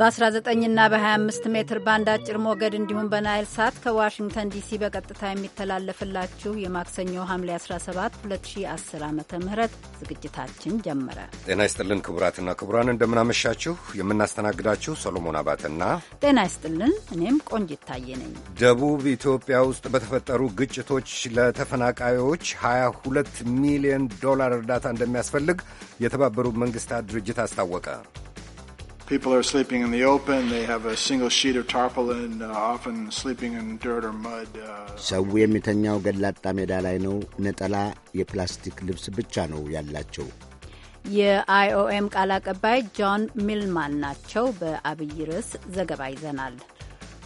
በ19ና በ25 ሜትር ባንድ አጭር ሞገድ እንዲሁም በናይል ሳት ከዋሽንግተን ዲሲ በቀጥታ የሚተላለፍላችሁ የማክሰኞ ሐምሌ 17 2010 ዓ ም ዝግጅታችን ጀመረ። ጤና ይስጥልን ክቡራትና ክቡራን፣ እንደምናመሻችሁ። የምናስተናግዳችሁ ሰሎሞን አባተና ጤና ይስጥልን፣ እኔም ቆንጅ ታየ ነኝ። ደቡብ ኢትዮጵያ ውስጥ በተፈጠሩ ግጭቶች ለተፈናቃዮች 22 ሚሊዮን ዶላር እርዳታ እንደሚያስፈልግ የተባበሩት መንግስታት ድርጅት አስታወቀ። people are sleeping in the open. They have a single sheet of tarpaulin, uh, often sleeping in dirt or mud. ሰው የሚተኛው ገላጣ ሜዳ ላይ ነው። ነጠላ የፕላስቲክ ልብስ ብቻ ነው ያላቸው። የአይኦኤም ቃል አቀባይ ጆን ሚልማን ናቸው። በአብይ ርዕስ ዘገባ ይዘናል።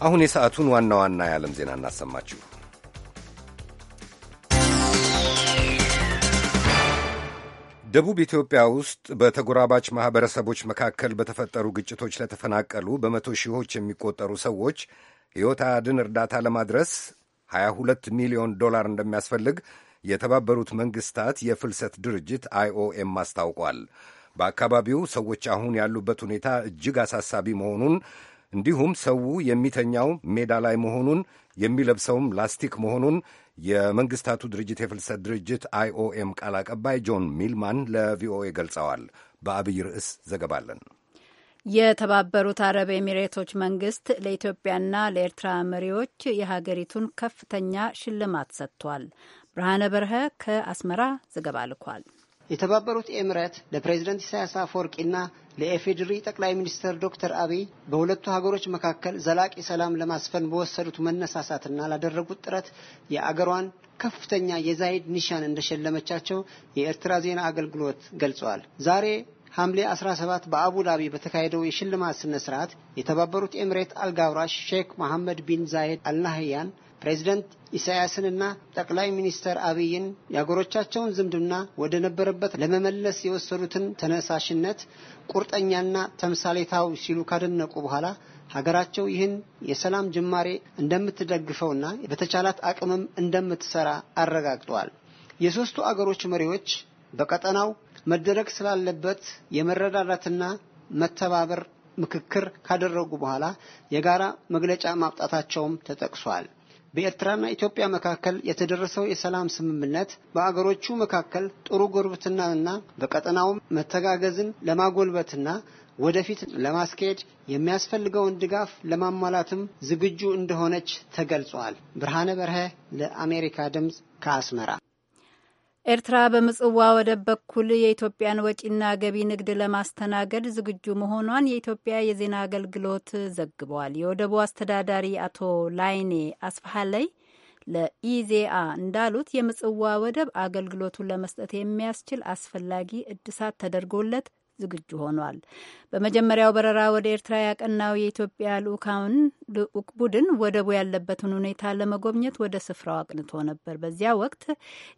አሁን የሰዓቱን ዋና ዋና የዓለም ዜና እናሰማችሁ። ደቡብ ኢትዮጵያ ውስጥ በተጎራባች ማኅበረሰቦች መካከል በተፈጠሩ ግጭቶች ለተፈናቀሉ በመቶ ሺዎች የሚቆጠሩ ሰዎች ሕይወት አድን እርዳታ ለማድረስ 22 ሚሊዮን ዶላር እንደሚያስፈልግ የተባበሩት መንግሥታት የፍልሰት ድርጅት አይኦኤም አስታውቋል። በአካባቢው ሰዎች አሁን ያሉበት ሁኔታ እጅግ አሳሳቢ መሆኑን እንዲሁም ሰው የሚተኛው ሜዳ ላይ መሆኑን የሚለብሰውም ላስቲክ መሆኑን የመንግስታቱ ድርጅት የፍልሰት ድርጅት አይኦኤም ቃል አቀባይ ጆን ሚልማን ለቪኦኤ ገልጸዋል። በአብይ ርዕስ ዘገባለን። የተባበሩት አረብ ኤሚሬቶች መንግስት ለኢትዮጵያና ለኤርትራ መሪዎች የሀገሪቱን ከፍተኛ ሽልማት ሰጥቷል። ብርሃነ በርሀ ከአስመራ ዘገባ ልኳል። የተባበሩት ኤምረት ለፕሬዝደንት ኢሳያስ አፈወርቂና ለኤፌድሪ ጠቅላይ ሚኒስትር ዶክተር አብይ በሁለቱ ሀገሮች መካከል ዘላቂ ሰላም ለማስፈን በወሰዱት መነሳሳትና ላደረጉት ጥረት የአገሯን ከፍተኛ የዛይድ ኒሻን እንደሸለመቻቸው የኤርትራ ዜና አገልግሎት ገልጸዋል። ዛሬ ሐምሌ 17 በአቡዳቢ በተካሄደው የሽልማት ስነ ስርዓት የተባበሩት ኤምሬት አልጋውራሽ ሼክ መሐመድ ቢን ዛይድ አልናህያን ፕሬዚደንት ኢሳያስንና ጠቅላይ ሚኒስተር አብይን የአገሮቻቸውን ዝምድና ወደ ነበረበት ለመመለስ የወሰዱትን ተነሳሽነት ቁርጠኛና ተምሳሌታዊ ሲሉ ካደነቁ በኋላ ሀገራቸው ይህን የሰላም ጅማሬ እንደምትደግፈውና በተቻላት አቅምም እንደምትሰራ አረጋግጠዋል። የሦስቱ አገሮች መሪዎች በቀጠናው መደረግ ስላለበት የመረዳዳትና መተባበር ምክክር ካደረጉ በኋላ የጋራ መግለጫ ማውጣታቸውም ተጠቅሷል። በኤርትራና ኢትዮጵያ መካከል የተደረሰው የሰላም ስምምነት በአገሮቹ መካከል ጥሩ ጉርብትናና በቀጠናውም መተጋገዝን ለማጎልበትና ወደፊት ለማስኬድ የሚያስፈልገውን ድጋፍ ለማሟላትም ዝግጁ እንደሆነች ተገልጿል። ብርሃነ በርሀ ለአሜሪካ ድምፅ ከአስመራ ኤርትራ በምጽዋ ወደብ በኩል የኢትዮጵያን ወጪና ገቢ ንግድ ለማስተናገድ ዝግጁ መሆኗን የኢትዮጵያ የዜና አገልግሎት ዘግቧል። የወደቡ አስተዳዳሪ አቶ ላይኔ አስፋሃለይ ለኢዜአ እንዳሉት የምጽዋ ወደብ አገልግሎቱን ለመስጠት የሚያስችል አስፈላጊ እድሳት ተደርጎለት ዝግጁ ሆኗል። በመጀመሪያው በረራ ወደ ኤርትራ ያቀናው የኢትዮጵያ ልዑካን ልዑክ ቡድን ወደቡ ያለበትን ሁኔታ ለመጎብኘት ወደ ስፍራው አቅንቶ ነበር። በዚያ ወቅት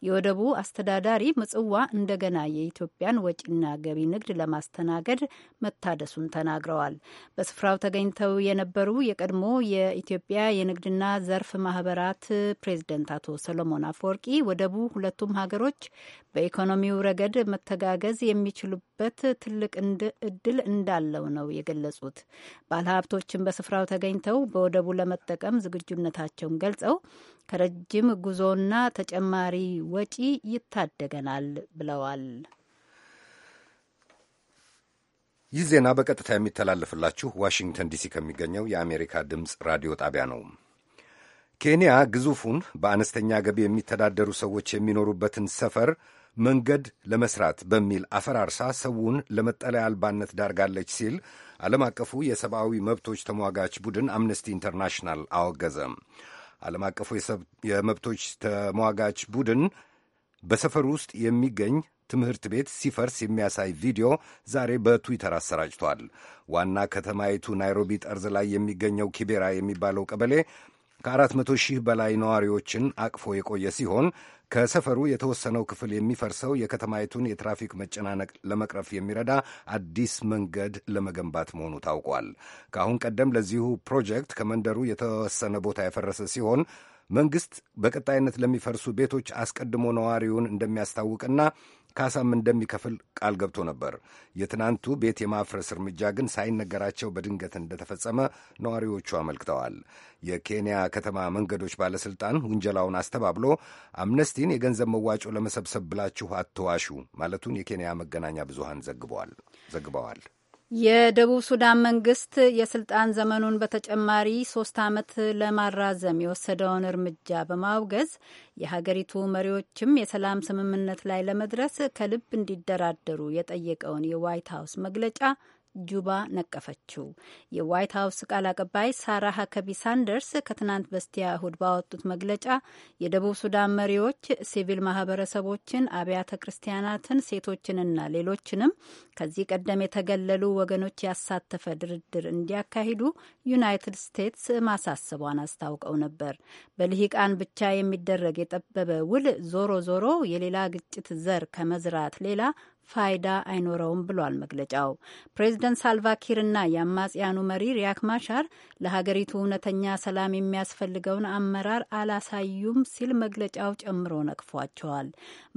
የወደቡ አስተዳዳሪ ምጽዋ እንደገና የኢትዮጵያን ወጪና ገቢ ንግድ ለማስተናገድ መታደሱን ተናግረዋል። በስፍራው ተገኝተው የነበሩ የቀድሞ የኢትዮጵያ የንግድና ዘርፍ ማህበራት ፕሬዚደንት አቶ ሰሎሞን አፈወርቂ ወደቡ ሁለቱም ሀገሮች በኢኮኖሚው ረገድ መተጋገዝ የሚችሉ የሚያልፍበት ትልቅ እድል እንዳለው ነው የገለጹት። ባለሀብቶችን በስፍራው ተገኝተው በወደቡ ለመጠቀም ዝግጁነታቸውን ገልጸው ከረጅም ጉዞና ተጨማሪ ወጪ ይታደገናል ብለዋል። ይህ ዜና በቀጥታ የሚተላለፍላችሁ ዋሽንግተን ዲሲ ከሚገኘው የአሜሪካ ድምፅ ራዲዮ ጣቢያ ነው። ኬንያ ግዙፉን በአነስተኛ ገቢ የሚተዳደሩ ሰዎች የሚኖሩበትን ሰፈር መንገድ ለመስራት በሚል አፈራርሳ ሰውን ለመጠለያ አልባነት ዳርጋለች ሲል ዓለም አቀፉ የሰብአዊ መብቶች ተሟጋች ቡድን አምነስቲ ኢንተርናሽናል አወገዘም። ዓለም አቀፉ የመብቶች ተሟጋች ቡድን በሰፈር ውስጥ የሚገኝ ትምህርት ቤት ሲፈርስ የሚያሳይ ቪዲዮ ዛሬ በትዊተር አሰራጭቷል። ዋና ከተማይቱ ናይሮቢ ጠርዝ ላይ የሚገኘው ኪቤራ የሚባለው ቀበሌ ከአራት መቶ ሺህ በላይ ነዋሪዎችን አቅፎ የቆየ ሲሆን ከሰፈሩ የተወሰነው ክፍል የሚፈርሰው የከተማይቱን የትራፊክ መጨናነቅ ለመቅረፍ የሚረዳ አዲስ መንገድ ለመገንባት መሆኑ ታውቋል። ከአሁን ቀደም ለዚሁ ፕሮጀክት ከመንደሩ የተወሰነ ቦታ የፈረሰ ሲሆን መንግሥት በቀጣይነት ለሚፈርሱ ቤቶች አስቀድሞ ነዋሪውን እንደሚያስታውቅና ካሳም እንደሚከፍል ቃል ገብቶ ነበር። የትናንቱ ቤት የማፍረስ እርምጃ ግን ሳይነገራቸው በድንገት እንደተፈጸመ ነዋሪዎቹ አመልክተዋል። የኬንያ ከተማ መንገዶች ባለሥልጣን ውንጀላውን አስተባብሎ አምነስቲን የገንዘብ መዋጮ ለመሰብሰብ ብላችሁ አትዋሹ ማለቱን የኬንያ መገናኛ ብዙሃን ዘግበዋል። የደቡብ ሱዳን መንግስት የስልጣን ዘመኑን በተጨማሪ ሶስት ዓመት ለማራዘም የወሰደውን እርምጃ በማውገዝ የሀገሪቱ መሪዎችም የሰላም ስምምነት ላይ ለመድረስ ከልብ እንዲደራደሩ የጠየቀውን የዋይት ሀውስ መግለጫ ጁባ ነቀፈችው። የዋይት ሀውስ ቃል አቀባይ ሳራ ሀከቢ ሳንደርስ ከትናንት በስቲያ እሁድ ባወጡት መግለጫ የደቡብ ሱዳን መሪዎች ሲቪል ማህበረሰቦችን፣ አብያተ ክርስቲያናትን፣ ሴቶችንና ሌሎችንም ከዚህ ቀደም የተገለሉ ወገኖች ያሳተፈ ድርድር እንዲያካሂዱ ዩናይትድ ስቴትስ ማሳሰቧን አስታውቀው ነበር። በልሂቃን ብቻ የሚደረግ የጠበበ ውል ዞሮ ዞሮ የሌላ ግጭት ዘር ከመዝራት ሌላ ፋይዳ አይኖረውም ብሏል መግለጫው። ፕሬዚደንት ሳልቫኪርና የአማጽያኑ መሪ ሪያክ ማሻር ለሀገሪቱ እውነተኛ ሰላም የሚያስፈልገውን አመራር አላሳዩም ሲል መግለጫው ጨምሮ ነቅፏቸዋል።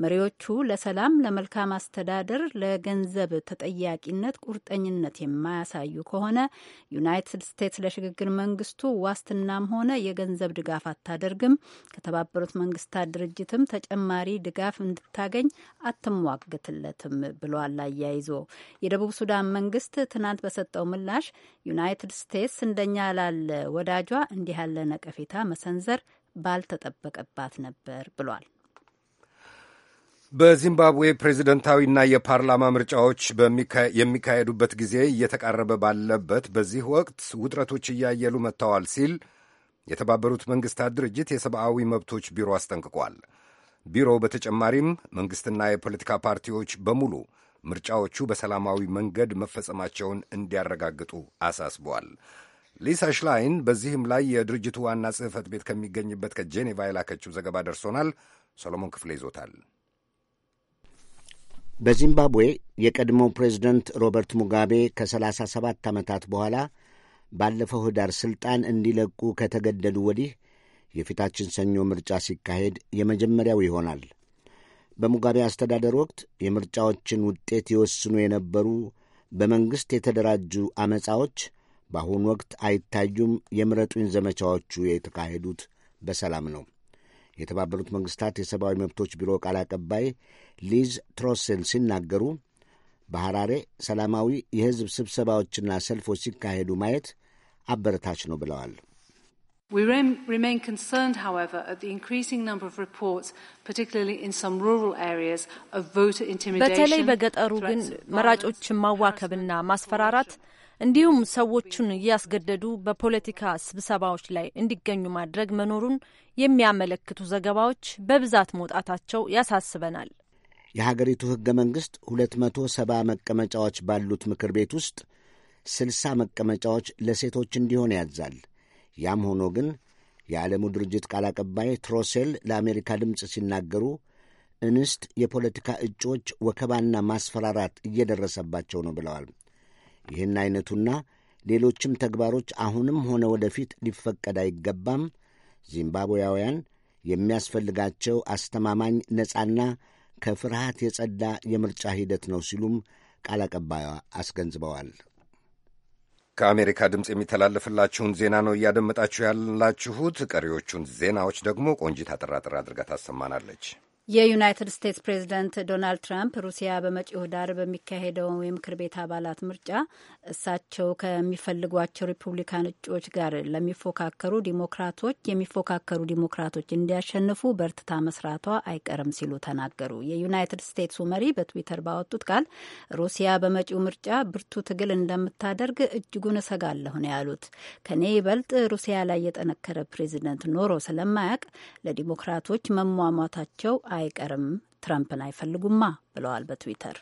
መሪዎቹ ለሰላም፣ ለመልካም አስተዳደር፣ ለገንዘብ ተጠያቂነት ቁርጠኝነት የማያሳዩ ከሆነ ዩናይትድ ስቴትስ ለሽግግር መንግስቱ ዋስትናም ሆነ የገንዘብ ድጋፍ አታደርግም፣ ከተባበሩት መንግስታት ድርጅትም ተጨማሪ ድጋፍ እንድታገኝ አትሟግትለትም ብሏል። አያይዞ የደቡብ ሱዳን መንግስት ትናንት በሰጠው ምላሽ ዩናይትድ ስቴትስ እንደኛ ላለ ወዳጇ እንዲህ ያለ ነቀፌታ መሰንዘር ባልተጠበቀባት ነበር ብሏል። በዚምባብዌ ፕሬዚደንታዊና የፓርላማ ምርጫዎች የሚካሄዱበት ጊዜ እየተቃረበ ባለበት በዚህ ወቅት ውጥረቶች እያየሉ መጥተዋል ሲል የተባበሩት መንግስታት ድርጅት የሰብአዊ መብቶች ቢሮ አስጠንቅቋል። ቢሮው በተጨማሪም መንግሥትና የፖለቲካ ፓርቲዎች በሙሉ ምርጫዎቹ በሰላማዊ መንገድ መፈጸማቸውን እንዲያረጋግጡ አሳስበዋል። ሊሳ ሽላይን በዚህም ላይ የድርጅቱ ዋና ጽሕፈት ቤት ከሚገኝበት ከጄኔቫ የላከችው ዘገባ ደርሶናል። ሰሎሞን ክፍሌ ይዞታል። በዚምባብዌ የቀድሞው ፕሬዚደንት ሮበርት ሙጋቤ ከ37 ዓመታት በኋላ ባለፈው ኅዳር ሥልጣን እንዲለቁ ከተገደዱ ወዲህ የፊታችን ሰኞ ምርጫ ሲካሄድ የመጀመሪያው ይሆናል። በሙጋቤ አስተዳደር ወቅት የምርጫዎችን ውጤት ይወስኑ የነበሩ በመንግሥት የተደራጁ አመፃዎች በአሁኑ ወቅት አይታዩም። የምረጡኝ ዘመቻዎቹ የተካሄዱት በሰላም ነው። የተባበሩት መንግሥታት የሰብአዊ መብቶች ቢሮ ቃል አቀባይ ሊዝ ትሮሴል ሲናገሩ በሐራሬ ሰላማዊ የሕዝብ ስብሰባዎችና ሰልፎች ሲካሄዱ ማየት አበረታች ነው ብለዋል። We remain concerned, however, at the increasing number of reports, particularly in some rural areas, of voter intimidation. በተለይ በገጠሩ ግን መራጮችን ማዋከብና ማስፈራራት እንዲሁም ሰዎቹን እያስገደዱ በፖለቲካ ስብሰባዎች ላይ እንዲገኙ ማድረግ መኖሩን የሚያመለክቱ ዘገባዎች በብዛት መውጣታቸው ያሳስበናል። የሀገሪቱ ሕገ መንግሥት ሁለት መቶ ሰባ መቀመጫዎች ባሉት ምክር ቤት ውስጥ ስልሳ መቀመጫዎች ለሴቶች እንዲሆን ያዛል። ያም ሆኖ ግን የዓለሙ ድርጅት ቃል አቀባይ ትሮሴል ለአሜሪካ ድምፅ ሲናገሩ እንስት የፖለቲካ እጩዎች ወከባና ማስፈራራት እየደረሰባቸው ነው ብለዋል። ይህን አይነቱና ሌሎችም ተግባሮች አሁንም ሆነ ወደፊት ሊፈቀድ አይገባም። ዚምባብዌያውያን የሚያስፈልጋቸው አስተማማኝ ነጻና ከፍርሃት የጸዳ የምርጫ ሂደት ነው ሲሉም ቃል አቀባዩ አስገንዝበዋል። ከአሜሪካ ድምፅ የሚተላለፍላችሁን ዜና ነው እያደመጣችሁ ያላችሁት። ቀሪዎቹን ዜናዎች ደግሞ ቆንጂት አጠራጥር አድርጋ ታሰማናለች። የዩናይትድ ስቴትስ ፕሬዝደንት ዶናልድ ትራምፕ ሩሲያ በመጪው ህዳር በሚካሄደው የምክር ቤት አባላት ምርጫ እሳቸው ከሚፈልጓቸው ሪፑብሊካን እጩዎች ጋር ለሚፎካከሩ ዲሞክራቶች የሚፎካከሩ ዲሞክራቶች እንዲያሸንፉ በርትታ መስራቷ አይቀርም ሲሉ ተናገሩ። የዩናይትድ ስቴትሱ መሪ በትዊተር ባወጡት ቃል ሩሲያ በመጪው ምርጫ ብርቱ ትግል እንደምታደርግ እጅጉን እሰጋለሁ ነው ያሉት። ከኔ ይበልጥ ሩሲያ ላይ የጠነከረ ፕሬዚደንት ኖሮ ስለማያቅ ለዲሞክራቶች መሟሟታቸው አይቀርም፣ ትረምፕን አይፈልጉማ ብለዋል በትዊተር።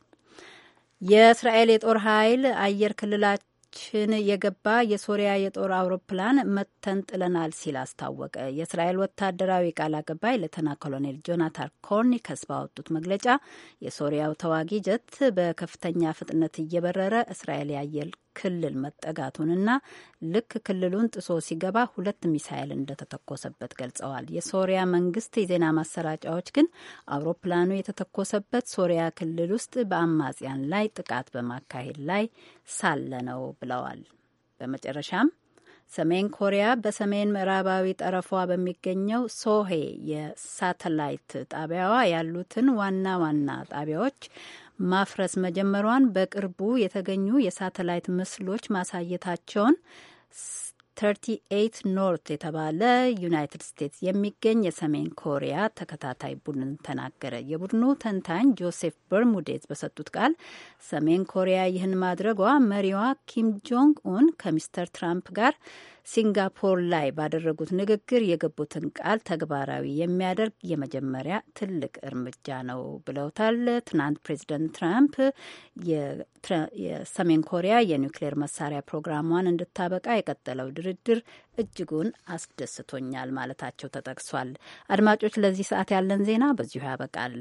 የእስራኤል የጦር ኃይል አየር ክልላችን የገባ የሶሪያ የጦር አውሮፕላን መተን ጥለናል ሲል አስታወቀ። የእስራኤል ወታደራዊ ቃል አቀባይ ሌተና ኮሎኔል ጆናታን ኮርኒከስ ባወጡት መግለጫ የሶሪያው ተዋጊ ጀት በከፍተኛ ፍጥነት እየበረረ እስራኤል የአየር ክልል መጠጋቱንና ልክ ክልሉን ጥሶ ሲገባ ሁለት ሚሳይል እንደተተኮሰበት ገልጸዋል። የሶሪያ መንግስት የዜና ማሰራጫዎች ግን አውሮፕላኑ የተተኮሰበት ሶሪያ ክልል ውስጥ በአማጽያን ላይ ጥቃት በማካሄድ ላይ ሳለ ነው ብለዋል። በመጨረሻም ሰሜን ኮሪያ በሰሜን ምዕራባዊ ጠረፏ በሚገኘው ሶሄ የሳተላይት ጣቢያዋ ያሉትን ዋና ዋና ጣቢያዎች ማፍረስ መጀመሯን በቅርቡ የተገኙ የሳተላይት ምስሎች ማሳየታቸውን 38 ኖርት የተባለ ዩናይትድ ስቴትስ የሚገኝ የሰሜን ኮሪያ ተከታታይ ቡድን ተናገረ። የቡድኑ ተንታኝ ጆሴፍ በርሙዴዝ በሰጡት ቃል ሰሜን ኮሪያ ይህን ማድረጓ መሪዋ ኪም ጆንግ ኡን ከሚስተር ትራምፕ ጋር ሲንጋፖር ላይ ባደረጉት ንግግር የገቡትን ቃል ተግባራዊ የሚያደርግ የመጀመሪያ ትልቅ እርምጃ ነው ብለውታል። ትናንት ፕሬዚደንት ትራምፕ የሰሜን ኮሪያ የኒውክሌር መሳሪያ ፕሮግራሟን እንድታበቃ የቀጠለው ድርድር እጅጉን አስደስቶኛል ማለታቸው ተጠቅሷል። አድማጮች፣ ለዚህ ሰዓት ያለን ዜና በዚሁ ያበቃል።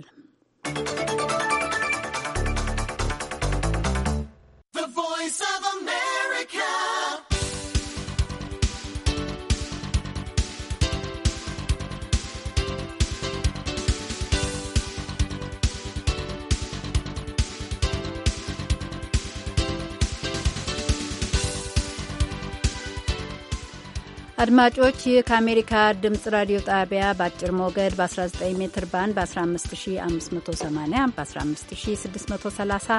አድማጮች ይህ ከአሜሪካ ድምፅ ራዲዮ ጣቢያ በአጭር ሞገድ በ19 ሜትር ባንድ በ15580 በ15630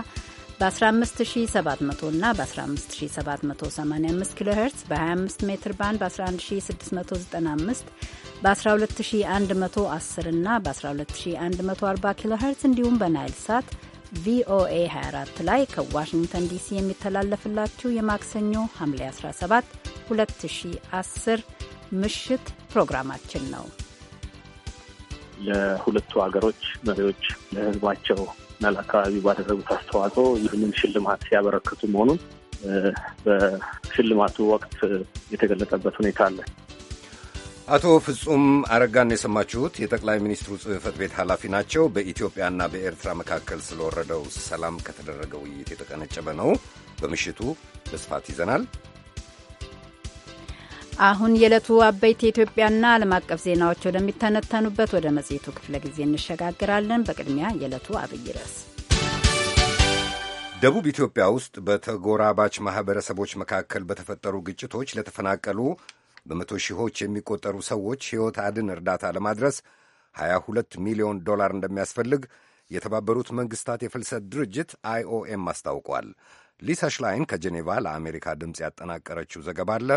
በ15700 እና በ15785 ኪሎ ሄርትስ በ25 ሜትር ባንድ በ11695 በ12110 እና በ12140 ኪሎ ሄርትስ እንዲሁም በናይል ሳት ቪኦኤ 24 ላይ ከዋሽንግተን ዲሲ የሚተላለፍላችሁ የማክሰኞ ሐምሌ 17 2010 ምሽት ፕሮግራማችን ነው። ለሁለቱ ሀገሮች መሪዎች ለህዝባቸው እና ለአካባቢ ባደረጉት አስተዋጽኦ ይህንን ሽልማት ሲያበረክቱ መሆኑን በሽልማቱ ወቅት የተገለጸበት ሁኔታ አለ። አቶ ፍጹም አረጋን የሰማችሁት የጠቅላይ ሚኒስትሩ ጽህፈት ቤት ኃላፊ ናቸው። በኢትዮጵያና በኤርትራ መካከል ስለወረደው ሰላም ከተደረገ ውይይት የተቀነጨበ ነው። በምሽቱ በስፋት ይዘናል። አሁን የዕለቱ አበይት የኢትዮጵያና ዓለም አቀፍ ዜናዎች ወደሚተነተኑበት ወደ መጽሔቱ ክፍለ ጊዜ እንሸጋግራለን። በቅድሚያ የዕለቱ አብይ ርዕስ ደቡብ ኢትዮጵያ ውስጥ በተጎራባች ማኅበረሰቦች መካከል በተፈጠሩ ግጭቶች ለተፈናቀሉ በመቶ ሺዎች የሚቆጠሩ ሰዎች ሕይወት አድን እርዳታ ለማድረስ 22 ሚሊዮን ዶላር እንደሚያስፈልግ የተባበሩት መንግሥታት የፍልሰት ድርጅት አይኦኤም አስታውቋል። ሊሳ ሽላይን ከጄኔቫ ለአሜሪካ ድምፅ ያጠናቀረችው ዘገባ አለ።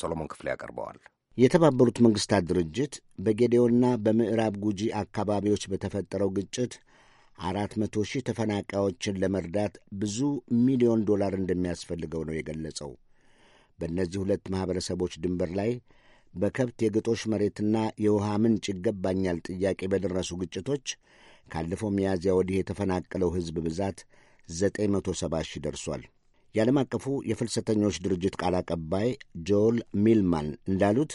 ሰሎሞን ክፍሌ ያቀርበዋል። የተባበሩት መንግሥታት ድርጅት በጌዴዮና በምዕራብ ጉጂ አካባቢዎች በተፈጠረው ግጭት አራት መቶ ሺህ ተፈናቃዮችን ለመርዳት ብዙ ሚሊዮን ዶላር እንደሚያስፈልገው ነው የገለጸው። በእነዚህ ሁለት ማኅበረሰቦች ድንበር ላይ በከብት የግጦሽ መሬትና የውሃ ምንጭ ይገባኛል ጥያቄ በደረሱ ግጭቶች ካለፈው ሚያዝያ ወዲህ የተፈናቀለው ሕዝብ ብዛት 970 ሺህ ደርሷል። የዓለም አቀፉ የፍልሰተኞች ድርጅት ቃል አቀባይ ጆል ሚልማን እንዳሉት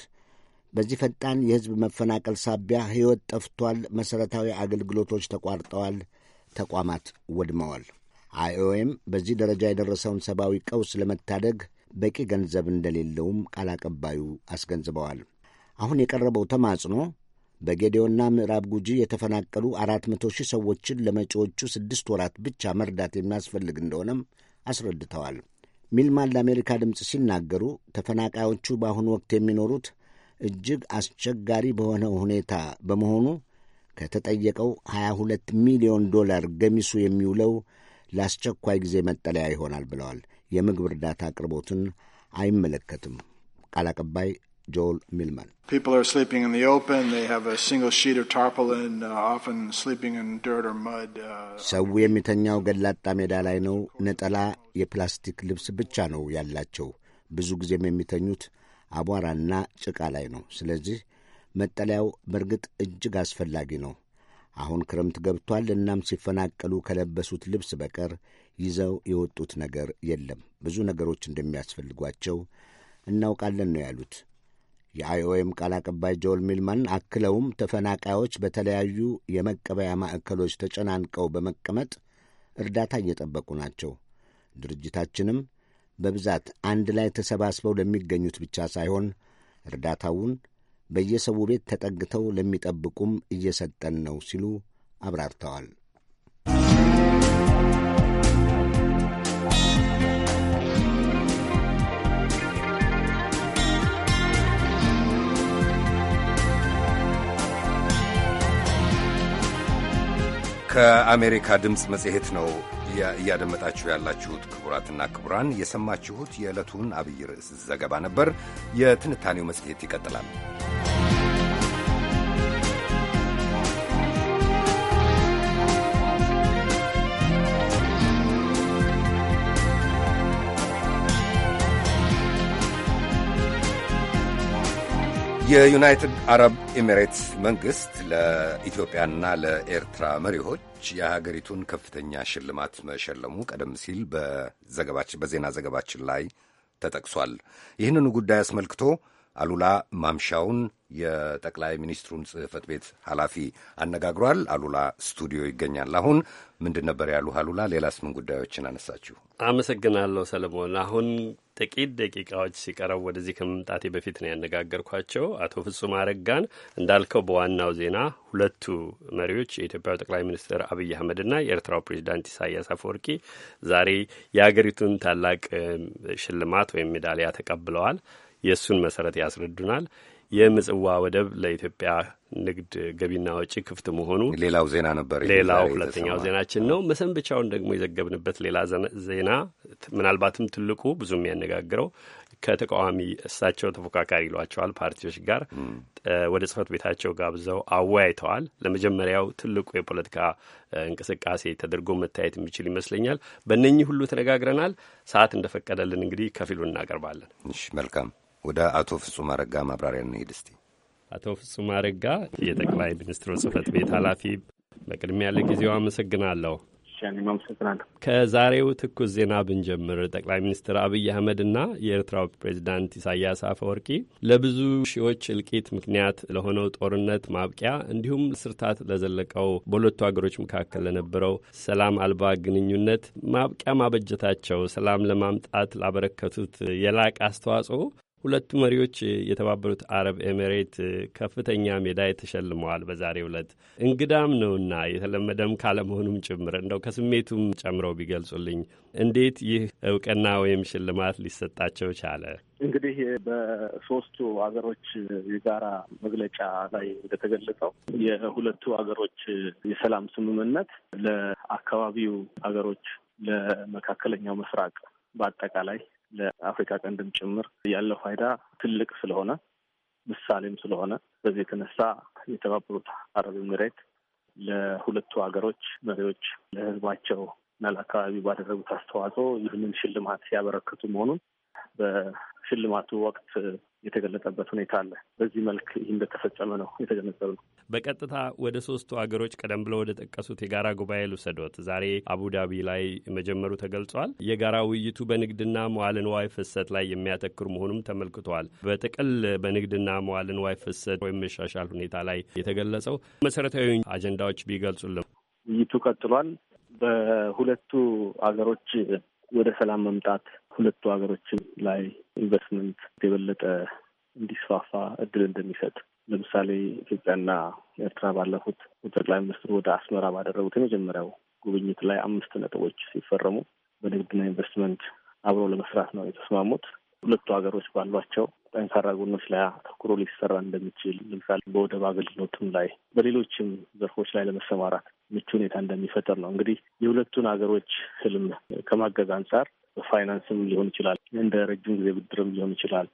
በዚህ ፈጣን የሕዝብ መፈናቀል ሳቢያ ሕይወት ጠፍቷል፣ መሠረታዊ አገልግሎቶች ተቋርጠዋል፣ ተቋማት ወድመዋል። አይኦኤም በዚህ ደረጃ የደረሰውን ሰብአዊ ቀውስ ለመታደግ በቂ ገንዘብ እንደሌለውም ቃል አቀባዩ አስገንዝበዋል። አሁን የቀረበው ተማጽኖ በጌዴዮና ምዕራብ ጉጂ የተፈናቀሉ አራት መቶ ሺህ ሰዎችን ለመጪዎቹ ስድስት ወራት ብቻ መርዳት የሚያስፈልግ እንደሆነም አስረድተዋል። ሚልማን ለአሜሪካ ድምፅ ሲናገሩ ተፈናቃዮቹ በአሁኑ ወቅት የሚኖሩት እጅግ አስቸጋሪ በሆነ ሁኔታ በመሆኑ ከተጠየቀው 22 ሚሊዮን ዶላር ገሚሱ የሚውለው ለአስቸኳይ ጊዜ መጠለያ ይሆናል ብለዋል። የምግብ እርዳታ አቅርቦትን አይመለከትም። ቃል አቀባይ ጆል ሚልማን uh, uh, ሰው የሚተኛው ገላጣ ሜዳ ላይ ነው። ነጠላ፣ የፕላስቲክ ልብስ ብቻ ነው ያላቸው። ብዙ ጊዜም የሚተኙት አቧራና ጭቃ ላይ ነው። ስለዚህ መጠለያው በእርግጥ እጅግ አስፈላጊ ነው። አሁን ክረምት ገብቷል። እናም ሲፈናቀሉ ከለበሱት ልብስ በቀር ይዘው የወጡት ነገር የለም። ብዙ ነገሮች እንደሚያስፈልጓቸው እናውቃለን ነው ያሉት። የአይኦኤም ቃል አቀባይ ጆል ሚልማን አክለውም ተፈናቃዮች በተለያዩ የመቀበያ ማዕከሎች ተጨናንቀው በመቀመጥ እርዳታ እየጠበቁ ናቸው። ድርጅታችንም በብዛት አንድ ላይ ተሰባስበው ለሚገኙት ብቻ ሳይሆን እርዳታውን በየሰው ቤት ተጠግተው ለሚጠብቁም እየሰጠን ነው ሲሉ አብራርተዋል። ከአሜሪካ ድምፅ መጽሔት ነው እያደመጣችሁ ያላችሁት። ክቡራትና ክቡራን የሰማችሁት የዕለቱን አብይ ርዕስ ዘገባ ነበር። የትንታኔው መጽሔት ይቀጥላል። የዩናይትድ አረብ ኤሚሬትስ መንግሥት ለኢትዮጵያና ለኤርትራ መሪዎች የሀገሪቱን ከፍተኛ ሽልማት መሸለሙ ቀደም ሲል በዘገባችን በዜና ዘገባችን ላይ ተጠቅሷል። ይህንኑ ጉዳይ አስመልክቶ አሉላ ማምሻውን የጠቅላይ ሚኒስትሩን ጽህፈት ቤት ኃላፊ አነጋግሯል። አሉላ ስቱዲዮ ይገኛል። አሁን ምንድን ነበር ያሉ አሉላ? ሌላስ ምን ጉዳዮችን አነሳችሁ? አመሰግናለሁ ሰለሞን። አሁን ጥቂት ደቂቃዎች ሲቀረው ወደዚህ ከመምጣቴ በፊት ነው ያነጋገርኳቸው አቶ ፍጹም አረጋን። እንዳልከው በዋናው ዜና ሁለቱ መሪዎች የኢትዮጵያው ጠቅላይ ሚኒስትር አብይ አህመድና የኤርትራው ፕሬዚዳንት ኢሳያስ አፈወርቂ ዛሬ የአገሪቱን ታላቅ ሽልማት ወይም ሜዳሊያ ተቀብለዋል። የእሱን መሰረት ያስረዱናል። የምጽዋ ወደብ ለኢትዮጵያ ንግድ ገቢና ወጪ ክፍት መሆኑ ሌላው ዜና ነበር። ሌላው ሁለተኛው ዜናችን ነው። መሰንበቻውን ደግሞ የዘገብንበት ሌላ ዜና ምናልባትም ትልቁ ብዙ የሚያነጋግረው ከተቃዋሚ እሳቸው ተፎካካሪ ይሏቸዋል ፓርቲዎች ጋር ወደ ጽህፈት ቤታቸው ጋብዘው አወያይተዋል። ለመጀመሪያው ትልቁ የፖለቲካ እንቅስቃሴ ተደርጎ መታየት የሚችል ይመስለኛል። በእነኚህ ሁሉ ተነጋግረናል። ሰዓት እንደፈቀደልን እንግዲህ ከፊሉ እናቀርባለን። መልካም ወደ አቶ ፍጹም አረጋ ማብራሪያ እንሄድ እስቲ። አቶ ፍጹም አረጋ የጠቅላይ ሚኒስትሩ ጽህፈት ቤት ኃላፊ፣ በቅድሚያ ለጊዜው አመሰግናለሁ። ከዛሬው ትኩስ ዜና ብንጀምር ጠቅላይ ሚኒስትር አብይ አህመድና የኤርትራው ፕሬዚዳንት ኢሳያስ አፈወርቂ ለብዙ ሺዎች እልቂት ምክንያት ለሆነው ጦርነት ማብቂያ እንዲሁም ስርታት ለዘለቀው በሁለቱ ሀገሮች መካከል ለነበረው ሰላም አልባ ግንኙነት ማብቂያ ማበጀታቸው ሰላም ለማምጣት ላበረከቱት የላቀ አስተዋጽኦ ሁለቱ መሪዎች የተባበሩት አረብ ኤሚሬት ከፍተኛ ሜዳ ተሸልመዋል። በዛሬው ዕለት እንግዳም ነውና የተለመደም ካለመሆኑም ጭምር እንደው ከስሜቱም ጨምረው ቢገልጹልኝ እንዴት ይህ እውቅና ወይም ሽልማት ሊሰጣቸው ቻለ? እንግዲህ በሶስቱ ሀገሮች የጋራ መግለጫ ላይ እንደተገለጸው የሁለቱ ሀገሮች የሰላም ስምምነት ለአካባቢው ሀገሮች ለመካከለኛው ምስራቅ በአጠቃላይ ለአፍሪካ ቀንድም ጭምር ያለው ፋይዳ ትልቅ ስለሆነ ምሳሌም ስለሆነ በዚህ የተነሳ የተባበሩት አረብ ኤሚሬት ለሁለቱ ሀገሮች መሪዎች ለህዝባቸው እና ለአካባቢ ባደረጉት አስተዋጽኦ ይህንን ሽልማት ያበረከቱ መሆኑን በሽልማቱ ወቅት የተገለጠበት ሁኔታ አለ። በዚህ መልክ ይህ እንደተፈጸመ ነው የተገነዘብ ነው። በቀጥታ ወደ ሶስቱ አገሮች ቀደም ብለው ወደ ጠቀሱት የጋራ ጉባኤ ልውሰዶት። ዛሬ አቡዳቢ ላይ መጀመሩ ተገልጿል። የጋራ ውይይቱ በንግድና መዋለ ንዋይ ፍሰት ላይ የሚያተክር መሆኑም ተመልክቷል። በጥቅል በንግድና መዋለ ንዋይ ፍሰት ወይም መሻሻል ሁኔታ ላይ የተገለጸው መሰረታዊ አጀንዳዎች ቢገልጹል ውይይቱ ቀጥሏል። በሁለቱ አገሮች ወደ ሰላም መምጣት ሁለቱ ሀገሮችን ላይ ኢንቨስትመንት የበለጠ እንዲስፋፋ እድል እንደሚሰጥ ለምሳሌ ኢትዮጵያና ኤርትራ ባለፉት ጠቅላይ ሚኒስትሩ ወደ አስመራ ባደረጉት የመጀመሪያው ጉብኝት ላይ አምስት ነጥቦች ሲፈረሙ በንግድና ኢንቨስትመንት አብረው ለመስራት ነው የተስማሙት። ሁለቱ ሀገሮች ባሏቸው ጠንካራ ጎኖች ላይ አተኩሮ ሊሰራ እንደሚችል ለምሳሌ በወደብ አገልግሎትም ላይ በሌሎችም ዘርፎች ላይ ለመሰማራት ምቹ ሁኔታ እንደሚፈጠር ነው። እንግዲህ የሁለቱን ሀገሮች ህልም ከማገዝ አንጻር በፋይናንስም ሊሆን ይችላል፣ እንደ ረጅም ጊዜ ብድርም ሊሆን ይችላል፣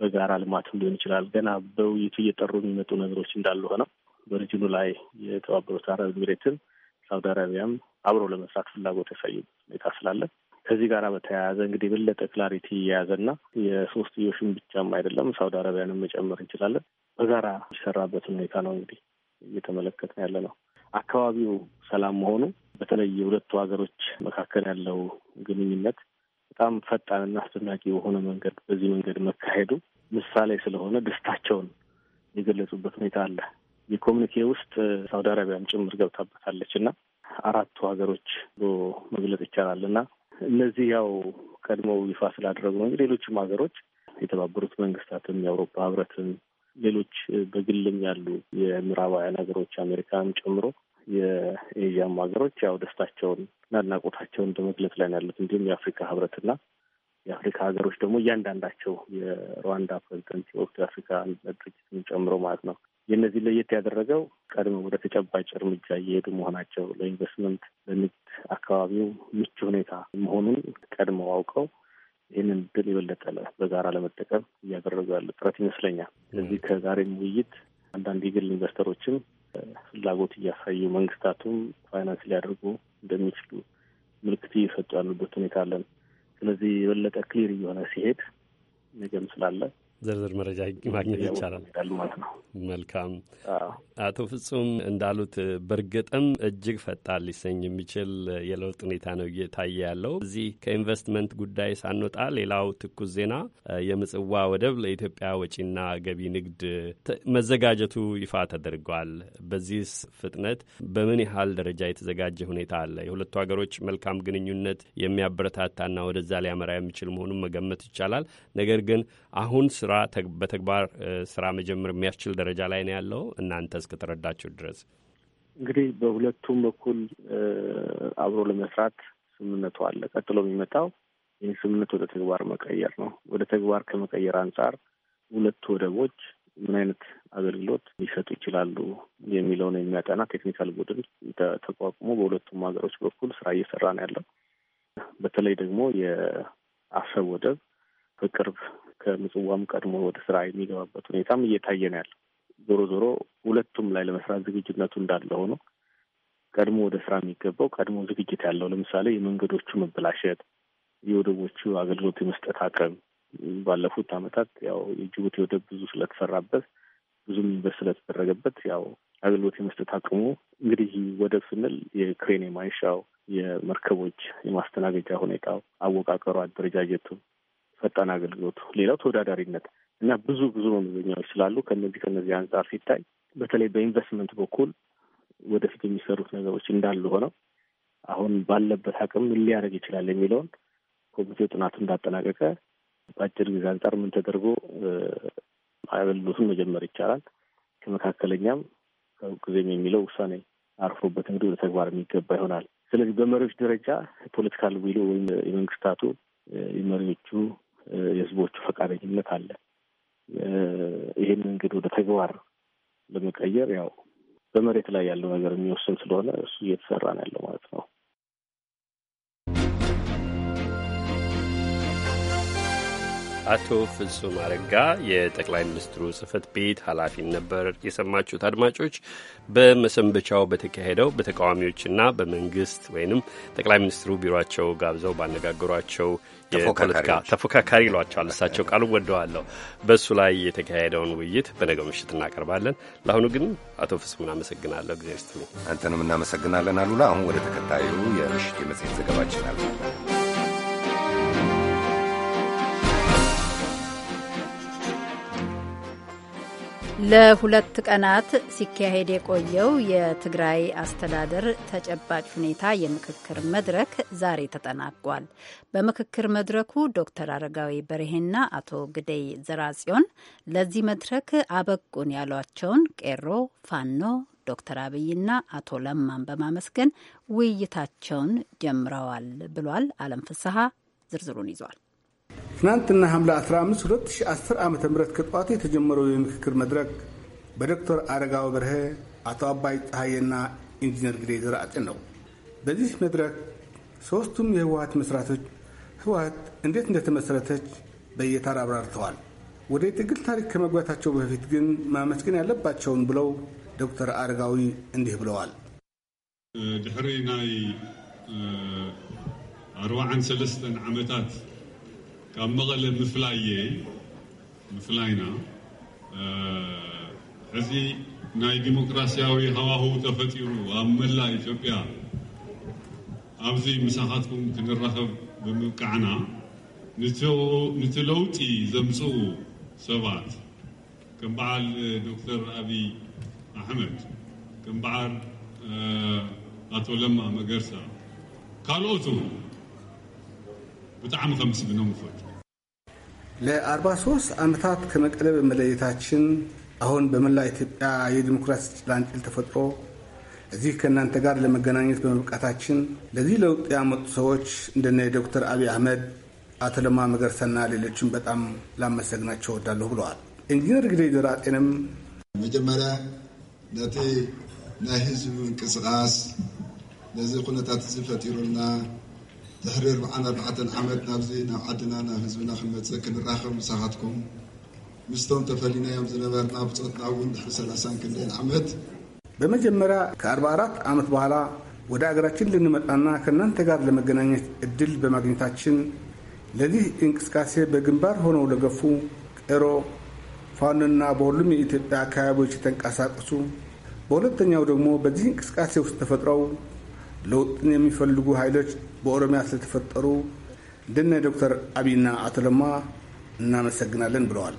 በጋራ ልማትም ሊሆን ይችላል። ገና በውይይቱ እየጠሩ የሚመጡ ነገሮች እንዳሉ ሆነው በሪጅኑ ላይ የተባበሩት አረብ ኤሚሬትም ሳውዲ አረቢያም አብረው ለመስራት ፍላጎት ያሳዩበት ሁኔታ ስላለ ከዚህ ጋር በተያያዘ እንግዲህ የበለጠ ክላሪቲ የያዘና የሶስትዮሽን ብቻም አይደለም ሳውዲ አረቢያንም መጨመር እንችላለን በጋራ የሚሰራበት ሁኔታ ነው እንግዲህ እየተመለከት ነው ያለ ነው። አካባቢው ሰላም መሆኑ በተለይ የሁለቱ ሀገሮች መካከል ያለው ግንኙነት በጣም ፈጣንና አስደናቂ በሆነ መንገድ በዚህ መንገድ መካሄዱ ምሳሌ ስለሆነ ደስታቸውን የገለጹበት ሁኔታ አለ። የኮሚኒኬ ውስጥ ሳውዲ አረቢያም ጭምር ገብታበታለች እና አራቱ ሀገሮች መግለጽ ይቻላል እና እነዚህ ያው ቀድሞው ይፋ ስላደረጉ ነው ሌሎችም ሀገሮች የተባበሩት መንግስታትም፣ የአውሮፓ ህብረትም፣ ሌሎች በግልም ያሉ የምዕራባውያን ሀገሮች አሜሪካንም ጨምሮ የኤዥያም ሀገሮች ያው ደስታቸውን እና አድናቆታቸውን በመግለጽ ላይ ያሉት። እንዲሁም የአፍሪካ ህብረትና የአፍሪካ ሀገሮች ደግሞ እያንዳንዳቸው የሩዋንዳ ፕሬዚደንት የወቅቱ የአፍሪካ ድርጅትን ጨምሮ ማለት ነው። የእነዚህ ለየት ያደረገው ቀድሞ ወደ ተጨባጭ እርምጃ እየሄዱ መሆናቸው ለኢንቨስትመንት፣ ለንግድ አካባቢው ምቹ ሁኔታ መሆኑን ቀድመው አውቀው ይህንን ድል የበለጠ በጋራ ለመጠቀም እያደረጉ ያለ ጥረት ይመስለኛል። ስለዚህ ከዛሬም ውይይት አንዳንድ የግል ኢንቨስተሮችም ፍላጎት እያሳዩ መንግስታቱም ፋይናንስ ሊያደርጉ እንደሚችሉ ምልክት እየሰጡ ያሉበት ሁኔታ አለን። ስለዚህ የበለጠ ክሊር እየሆነ ሲሄድ ነገም ስላለ ዝርዝር መረጃ ማግኘት ይቻላል። መልካም አቶ ፍጹም እንዳሉት በእርግጥም እጅግ ፈጣን ሊሰኝ የሚችል የለውጥ ሁኔታ ነው እየታየ ያለው። እዚህ ከኢንቨስትመንት ጉዳይ ሳንወጣ ሌላው ትኩስ ዜና የምጽዋ ወደብ ለኢትዮጵያ ወጪና ገቢ ንግድ መዘጋጀቱ ይፋ ተደርጓል። በዚህስ ፍጥነት በምን ያህል ደረጃ የተዘጋጀ ሁኔታ አለ? የሁለቱ ሀገሮች መልካም ግንኙነት የሚያበረታታና ወደዛ ሊያመራ የሚችል መሆኑን መገመት ይቻላል። ነገር ግን አሁን ስራ በተግባር ስራ መጀመር የሚያስችል ደረጃ ላይ ነው ያለው እናንተ እስከተረዳችሁ ድረስ? እንግዲህ በሁለቱም በኩል አብሮ ለመስራት ስምምነቱ አለ። ቀጥሎ የሚመጣው ይህ ስምምነት ወደ ተግባር መቀየር ነው። ወደ ተግባር ከመቀየር አንጻር ሁለቱ ወደቦች ምን አይነት አገልግሎት ሊሰጡ ይችላሉ የሚለውን የሚያጠና ቴክኒካል ቡድን ተቋቁሞ በሁለቱም ሀገሮች በኩል ስራ እየሰራ ነው ያለው። በተለይ ደግሞ የአሰብ ወደብ በቅርብ ከምጽዋም ቀድሞ ወደ ስራ የሚገባበት ሁኔታም እየታየ ነው ያለው። ዞሮ ዞሮ ሁለቱም ላይ ለመስራት ዝግጅነቱ እንዳለ ሆኖ ቀድሞ ወደ ስራ የሚገባው ቀድሞ ዝግጅት ያለው ለምሳሌ የመንገዶቹ መበላሸት፣ የወደቦቹ አገልግሎት የመስጠት አቅም ባለፉት ዓመታት ያው የጅቡቲ ወደብ ብዙ ስለተሰራበት ብዙም ኢንቨስት ስለተደረገበት ያው አገልግሎት የመስጠት አቅሙ እንግዲህ ወደብ ስንል የክሬን የማንሻው የመርከቦች የማስተናገጃ ሁኔታው፣ አወቃቀሩ፣ አደረጃጀቱ ፈጣን አገልግሎት፣ ሌላው ተወዳዳሪነት እና ብዙ ብዙ መመዘኛዎች ስላሉ ከነዚህ ከነዚህ አንጻር ሲታይ በተለይ በኢንቨስትመንት በኩል ወደፊት የሚሰሩት ነገሮች እንዳሉ ሆነው አሁን ባለበት አቅም ምን ሊያደርግ ይችላል የሚለውን ኮሚቴው ጥናቱ እንዳጠናቀቀ በአጭር ጊዜ አንጻር ምን ተደርጎ አገልግሎቱን መጀመር ይቻላል ከመካከለኛም ከሩቅ ጊዜም የሚለው ውሳኔ አርፎበት እንግዲህ ወደ ተግባር የሚገባ ይሆናል። ስለዚህ በመሪዎች ደረጃ ፖለቲካል ዊሉ ወይም የመንግስታቱ የመሪዎቹ የህዝቦቹ ፈቃደኝነት አለ። ይህንን እንግዲህ ወደ ተግባር ለመቀየር ያው በመሬት ላይ ያለው ነገር የሚወስን ስለሆነ እሱ እየተሰራ ነው ያለው ማለት ነው። አቶ ፍጹም አረጋ የጠቅላይ ሚኒስትሩ ጽህፈት ቤት ኃላፊ ነበር የሰማችሁት። አድማጮች በመሰንበቻው በተካሄደው በተቃዋሚዎችና በመንግስት ወይንም ጠቅላይ ሚኒስትሩ ቢሮቸው ጋብዘው ባነጋገሯቸው የፖለቲካ ተፎካካሪ ይሏቸዋል እሳቸው ቃሉ ወደዋለሁ። በእሱ ላይ የተካሄደውን ውይይት በነገው ምሽት እናቀርባለን። ለአሁኑ ግን አቶ ፍጹምን አመሰግናለሁ። ጊዜ ስትሉ አንተንም እናመሰግናለን አሉላ። አሁን ወደ ተከታዩ የምሽት የመጽሔት ዘገባችን አልፋለን። ለሁለት ቀናት ሲካሄድ የቆየው የትግራይ አስተዳደር ተጨባጭ ሁኔታ የምክክር መድረክ ዛሬ ተጠናቋል። በምክክር መድረኩ ዶክተር አረጋዊ በርሄና አቶ ግደይ ዘራጽዮን ለዚህ መድረክ አበቁን ያሏቸውን ቄሮ፣ ፋኖ፣ ዶክተር አብይና አቶ ለማን በማመስገን ውይይታቸውን ጀምረዋል ብሏል። አለም ፍስሐ ዝርዝሩን ይዟል። ትናንትና ሐምሌ 15 2010 ዓ ም ከጠዋቱ የተጀመረው የምክክር መድረክ በዶክተር አረጋው በርሀ አቶ አባይ ፀሐዬና ኢንጂነር ግዴ ዘርአጽ ነው። በዚህ መድረክ ሦስቱም የህወሀት መስራቶች ህወሀት እንዴት እንደተመሠረተች በየታር አብራርተዋል። ወደ ትግል ታሪክ ከመግባታቸው በፊት ግን ማመስገን ያለባቸውን ብለው ዶክተር አረጋዊ እንዲህ ብለዋል። ድሕሪ ናይ 43 ዓመታት كان مغلى مفلاي مفلاينا آه، هذه ناي ديمقراسياوي هوا هو تفتيرو املا اثيوبيا ابزي مساحاتكم تنرخب بمكعنا نتلوتي زمسو سبات كم بعد دكتور ابي احمد كم بعد آه، اتو لما مقرسا قالوا بتعم خمس منهم فتح ለ43 ዓመታት ከመቀለ በመለየታችን አሁን በመላ ኢትዮጵያ የዲሞክራሲ ጭላንጭል ተፈጥሮ እዚህ ከእናንተ ጋር ለመገናኘት በመብቃታችን ለዚህ ለውጥ ያመጡ ሰዎች እንደነ ዶክተር አብይ አህመድ፣ አቶ ለማ መገርሰና ሌሎችን በጣም ላመሰግናቸው እወዳለሁ ብለዋል። ኢንጂነር ግዴ ዘርአጤንም መጀመሪያ ነቲ ናይ ህዝቢ ምንቅስቃስ ነዚ ኩነታት ዝፈጢሩልና ድሕሪ 44 ዓመት ናብዚ ናብ ዓድና ናብ ህዝብና ክንመፅእ ክንራኸብ ምሳኻትኩም ምስቶም ተፈሊናዮም ዝነበርና ብፆትና እውን ድሕሪ 30 ክንደን ዓመት በመጀመሪያ ከ44 ዓመት በኋላ ወደ አገራችን ልንመጣና ከእናንተ ጋር ለመገናኘት እድል በማግኘታችን ለዚህ እንቅስቃሴ በግንባር ሆነው ለገፉ ቀሮ ፋኖና በሁሉም የኢትዮጵያ አካባቢዎች የተንቀሳቀሱ በሁለተኛው ደግሞ በዚህ እንቅስቃሴ ውስጥ ተፈጥረው ለውጥን የሚፈልጉ ኃይሎች በኦሮሚያ ስለተፈጠሩ እንደነ ዶክተር አብይና አቶ ለማ እናመሰግናለን ብለዋል።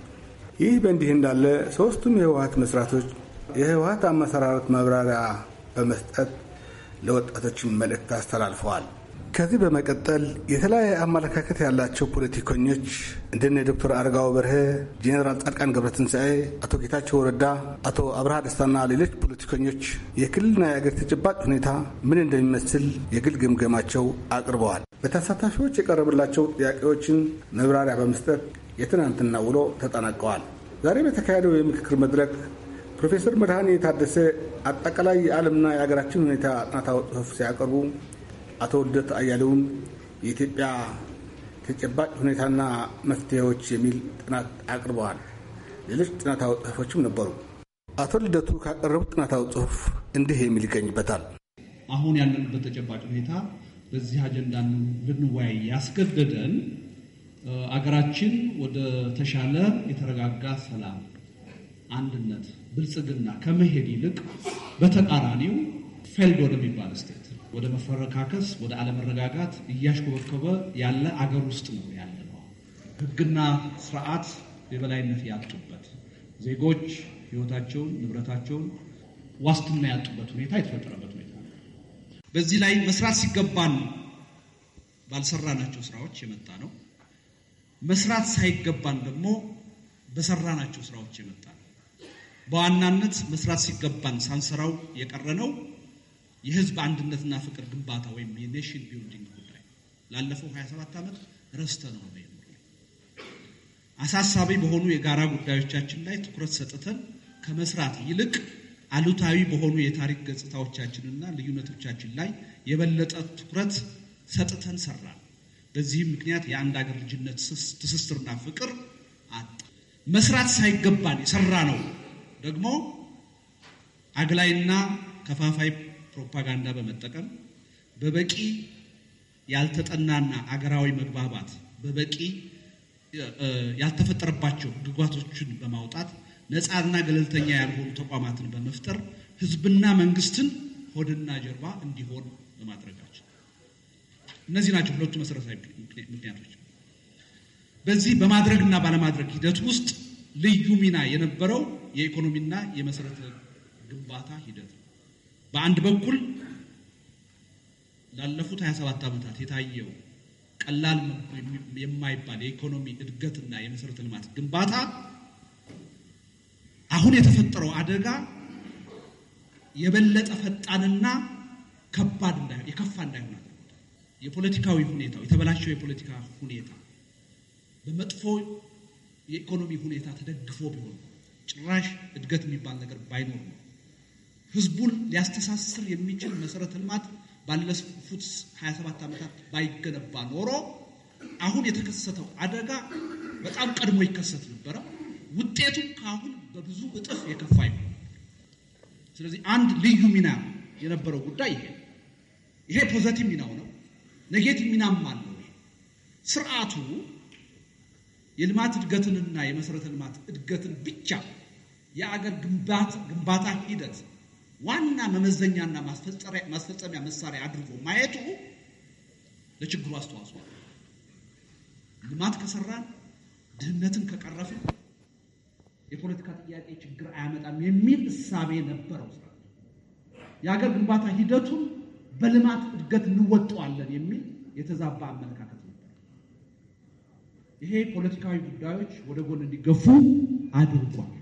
ይህ በእንዲህ እንዳለ ሶስቱም የህወሀት መስራቶች የህወሀት አመሰራረት ማብራሪያ በመስጠት ለወጣቶችን መልእክት አስተላልፈዋል። ከዚህ በመቀጠል የተለያየ አመለካከት ያላቸው ፖለቲከኞች እንደነ ዶክተር አረጋው በርሄ፣ ጄኔራል ጻድቃን ገብረትንሳኤ፣ አቶ ጌታቸው ረዳ፣ አቶ አብርሃ ደስታና ሌሎች ፖለቲከኞች የክልልና የአገር ተጨባጭ ሁኔታ ምን እንደሚመስል የግል ግምገማቸው አቅርበዋል። በተሳታፊዎች የቀረበላቸው ጥያቄዎችን መብራሪያ በመስጠት የትናንትና ውሎ ተጠናቀዋል። ዛሬ በተካሄደው የምክክር መድረክ ፕሮፌሰር መድኃኔ የታደሰ አጠቃላይ የዓለምና የአገራችን ሁኔታ ጥናታዊ ጽሑፍ ሲያቀርቡ አቶ ልደት አያሌውን የኢትዮጵያ ተጨባጭ ሁኔታና መፍትሄዎች የሚል ጥናት አቅርበዋል። ሌሎች ጥናታዊ ጽሁፎችም ነበሩ። አቶ ልደቱ ካቀረቡት ጥናታዊ ጽሁፍ እንዲህ የሚል ይገኝበታል። አሁን ያለንበት ተጨባጭ ሁኔታ በዚህ አጀንዳ ልንወያይ ያስገደደን አገራችን ወደ ተሻለ የተረጋጋ ሰላም፣ አንድነት፣ ብልጽግና ከመሄድ ይልቅ በተቃራኒው ፌልድ ወደሚባል ስቴ ወደ መፈረካከስ፣ ወደ አለመረጋጋት እያሽኮበኮበ ያለ አገር ውስጥ ነው ያለ ነው። ስርዓት የበላይነት ያጡበት ዜጎች ህይወታቸውን፣ ንብረታቸውን ዋስትና ያጡበት ሁኔታ የተፈጠረበት ሁኔታ ነው። በዚህ ላይ መስራት ሲገባን ባልሰራናቸው ስራዎች የመጣ ነው። መስራት ሳይገባን ደግሞ በሰራናቸው ስራዎች የመጣ ነው። በዋናነት መስራት ሲገባን ሳንሰራው የቀረ ነው። የህዝብ አንድነትና ፍቅር ግንባታ ወይም የኔሽን ቢልዲንግ ጉዳይ ላለፈው 27 ዓመት ረስተ ነው አሳሳቢ በሆኑ የጋራ ጉዳዮቻችን ላይ ትኩረት ሰጥተን ከመስራት ይልቅ አሉታዊ በሆኑ የታሪክ ገጽታዎቻችንና ልዩነቶቻችን ላይ የበለጠ ትኩረት ሰጥተን ሰራል። በዚህም ምክንያት የአንድ አገር ልጅነት ትስስርና ፍቅር አጣ። መስራት ሳይገባን የሰራ ነው ደግሞ አግላይና ከፋፋይ ፕሮፓጋንዳ በመጠቀም በበቂ ያልተጠናና አገራዊ መግባባት በበቂ ያልተፈጠረባቸው ግጓቶችን በማውጣት ነፃና ገለልተኛ ያልሆኑ ተቋማትን በመፍጠር ህዝብና መንግስትን ሆድና ጀርባ እንዲሆን በማድረጋቸው እነዚህ ናቸው ሁለቱ መሰረታዊ ምክንያቶች። በዚህ በማድረግና ባለማድረግ ሂደት ውስጥ ልዩ ሚና የነበረው የኢኮኖሚና የመሰረተ ግንባታ ሂደት በአንድ በኩል ላለፉት 27 ዓመታት የታየው ቀላል የማይባል የኢኮኖሚ እድገትና የመሰረተ ልማት ግንባታ አሁን የተፈጠረው አደጋ የበለጠ ፈጣንና ከባድ እንዳይሆን የከፋ እንዳይሆን አድርጎታል። የፖለቲካዊ ሁኔታው የተበላሸው የፖለቲካ ሁኔታ በመጥፎ የኢኮኖሚ ሁኔታ ተደግፎ ቢሆን ጭራሽ እድገት የሚባል ነገር ባይኖር ነው ህዝቡን ሊያስተሳስር የሚችል መሰረተ ልማት ባለፉት 27 ዓመታት ባይገነባ ኖሮ አሁን የተከሰተው አደጋ በጣም ቀድሞ ይከሰት ነበረ። ውጤቱም ከአሁን በብዙ እጥፍ የከፋ ይሆናል። ስለዚህ አንድ ልዩ ሚና የነበረው ጉዳይ ይሄ ይሄ ፖዘቲቭ ሚናው ነው። ኔጌቲቭ ሚናም አለው። ስርዓቱ የልማት እድገትንና የመሰረተ ልማት እድገትን ብቻ የአገር ግንባታ ሂደት ዋና መመዘኛና ማስፈጸሚያ መሳሪያ አድርጎ ማየቱ ለችግሩ አስተዋጽኦ አለ። ልማት ከሰራን፣ ድህነትን ከቀረፍን የፖለቲካ ጥያቄ ችግር አያመጣም የሚል እሳቤ ነበረው። የሀገር ግንባታ ሂደቱን በልማት እድገት እንወጠዋለን የሚል የተዛባ አመለካከት ነበር። ይሄ ፖለቲካዊ ጉዳዮች ወደ ጎን እንዲገፉ አድርጓል።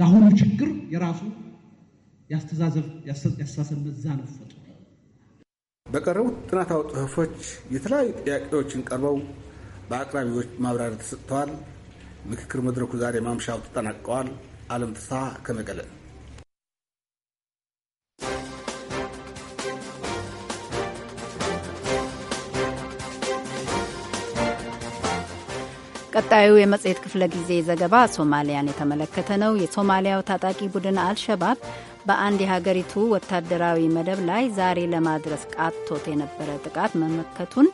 ለአሁኑ ችግር የራሱ ያስተሳሰብ መዛነፍ ፈጥሯል። በቀረቡት ጥናታዊ ጽሁፎች የተለያዩ ጥያቄዎችን ቀርበው በአቅራቢዎች ማብራሪያ ተሰጥተዋል። ምክክር መድረኩ ዛሬ ማምሻው ተጠናቀዋል። አለም ፍስሐ ከመቀለ። ቀጣዩ የመጽሔት ክፍለ ጊዜ ዘገባ ሶማሊያን የተመለከተ ነው። የሶማሊያው ታጣቂ ቡድን አልሸባብ በአንድ የሀገሪቱ ወታደራዊ መደብ ላይ ዛሬ ለማድረስ ቃቶት የነበረ ጥቃት መመከቱን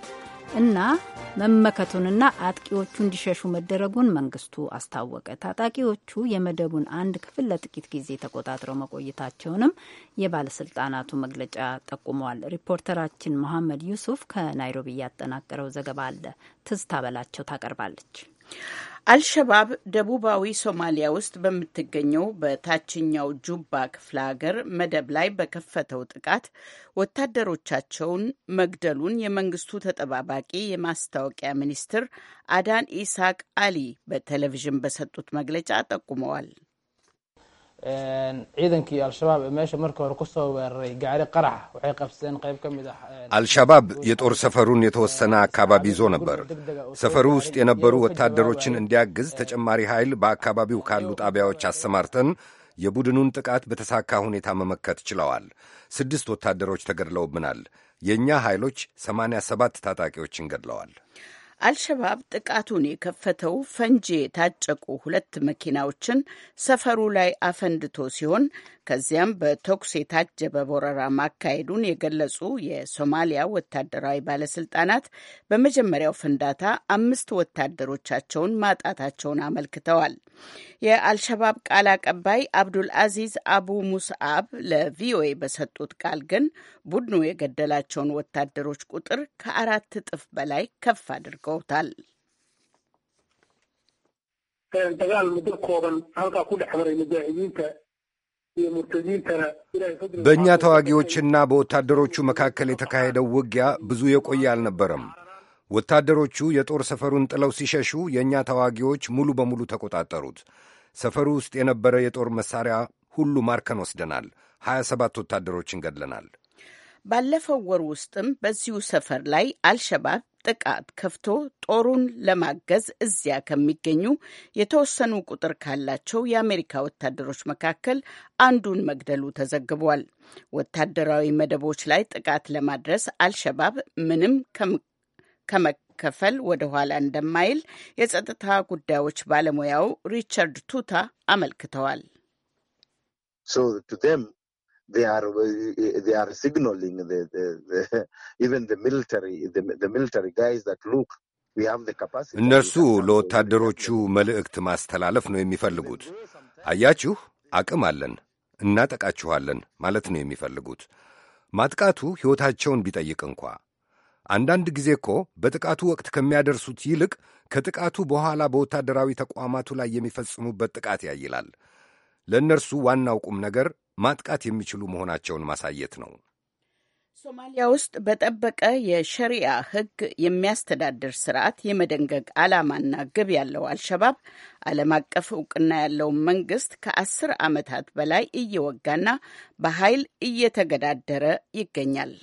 እና መመከቱንና አጥቂዎቹ እንዲሸሹ መደረጉን መንግስቱ አስታወቀ። ታጣቂዎቹ የመደቡን አንድ ክፍል ለጥቂት ጊዜ ተቆጣጥረው መቆየታቸውንም የባለስልጣናቱ መግለጫ ጠቁመዋል። ሪፖርተራችን መሐመድ ዩሱፍ ከናይሮቢ ያጠናቀረው ዘገባ አለ። ትዝታ በላቸው ታቀርባለች። አልሸባብ ደቡባዊ ሶማሊያ ውስጥ በምትገኘው በታችኛው ጁባ ክፍለ ሀገር መደብ ላይ በከፈተው ጥቃት ወታደሮቻቸውን መግደሉን የመንግስቱ ተጠባባቂ የማስታወቂያ ሚኒስትር አዳን ኢሳቅ አሊ በቴሌቪዥን በሰጡት መግለጫ ጠቁመዋል። ciidankii al-shabaab ee meesha markii hore ku soo weeraray gaari qarax waxay qabsadeen qayb ka mid ah አልሻባብ የጦር ሰፈሩን የተወሰነ አካባቢ ይዞ ነበር። ሰፈሩ ውስጥ የነበሩ ወታደሮችን እንዲያግዝ ተጨማሪ ኃይል በአካባቢው ካሉ ጣቢያዎች አሰማርተን የቡድኑን ጥቃት በተሳካ ሁኔታ መመከት ችለዋል። ስድስት ወታደሮች ተገድለውብናል። የእኛ ኃይሎች ሰማንያ ሰባት ታጣቂዎችን ገድለዋል። አልሸባብ ጥቃቱን የከፈተው ፈንጂ የታጨቁ ሁለት መኪናዎችን ሰፈሩ ላይ አፈንድቶ ሲሆን ከዚያም በተኩስ የታጀበ ወረራ ማካሄዱን የገለጹ የሶማሊያ ወታደራዊ ባለስልጣናት በመጀመሪያው ፍንዳታ አምስት ወታደሮቻቸውን ማጣታቸውን አመልክተዋል። የአልሸባብ ቃል አቀባይ አብዱል አዚዝ አቡ ሙስአብ ለቪኦኤ በሰጡት ቃል ግን ቡድኑ የገደላቸውን ወታደሮች ቁጥር ከአራት እጥፍ በላይ ከፍ አድርገውታል። dagaal muddo kooban halkaa ku dhex maray mujaahidiinta በእኛ ተዋጊዎችና በወታደሮቹ መካከል የተካሄደው ውጊያ ብዙ የቆየ አልነበረም። ወታደሮቹ የጦር ሰፈሩን ጥለው ሲሸሹ የእኛ ተዋጊዎች ሙሉ በሙሉ ተቆጣጠሩት። ሰፈሩ ውስጥ የነበረ የጦር መሳሪያ ሁሉ ማርከን ወስደናል። 27 ወታደሮችን ገድለናል። ባለፈው ወር ውስጥም በዚሁ ሰፈር ላይ አልሸባብ ጥቃት ከፍቶ ጦሩን ለማገዝ እዚያ ከሚገኙ የተወሰኑ ቁጥር ካላቸው የአሜሪካ ወታደሮች መካከል አንዱን መግደሉ ተዘግቧል። ወታደራዊ መደቦች ላይ ጥቃት ለማድረስ አልሸባብ ምንም ከመከፈል ወደ ኋላ እንደማይል የጸጥታ ጉዳዮች ባለሙያው ሪቻርድ ቱታ አመልክተዋል። So to them, they are they are signaling the, the, the even the military the, the military guys that look እነርሱ ለወታደሮቹ መልእክት ማስተላለፍ ነው የሚፈልጉት። አያችሁ አቅም አለን እናጠቃችኋለን ማለት ነው የሚፈልጉት። ማጥቃቱ ሕይወታቸውን ቢጠይቅ እንኳ አንዳንድ ጊዜ እኮ በጥቃቱ ወቅት ከሚያደርሱት ይልቅ ከጥቃቱ በኋላ በወታደራዊ ተቋማቱ ላይ የሚፈጽሙበት ጥቃት ያይላል። ለእነርሱ ዋናው ቁም ነገር ማጥቃት የሚችሉ መሆናቸውን ማሳየት ነው። ሶማሊያ ውስጥ በጠበቀ የሸሪያ ሕግ የሚያስተዳድር ስርዓት የመደንገግ ዓላማና ግብ ያለው አልሸባብ ዓለም አቀፍ እውቅና ያለውን መንግስት ከአስር ዓመታት በላይ እየወጋና በኃይል እየተገዳደረ ይገኛል።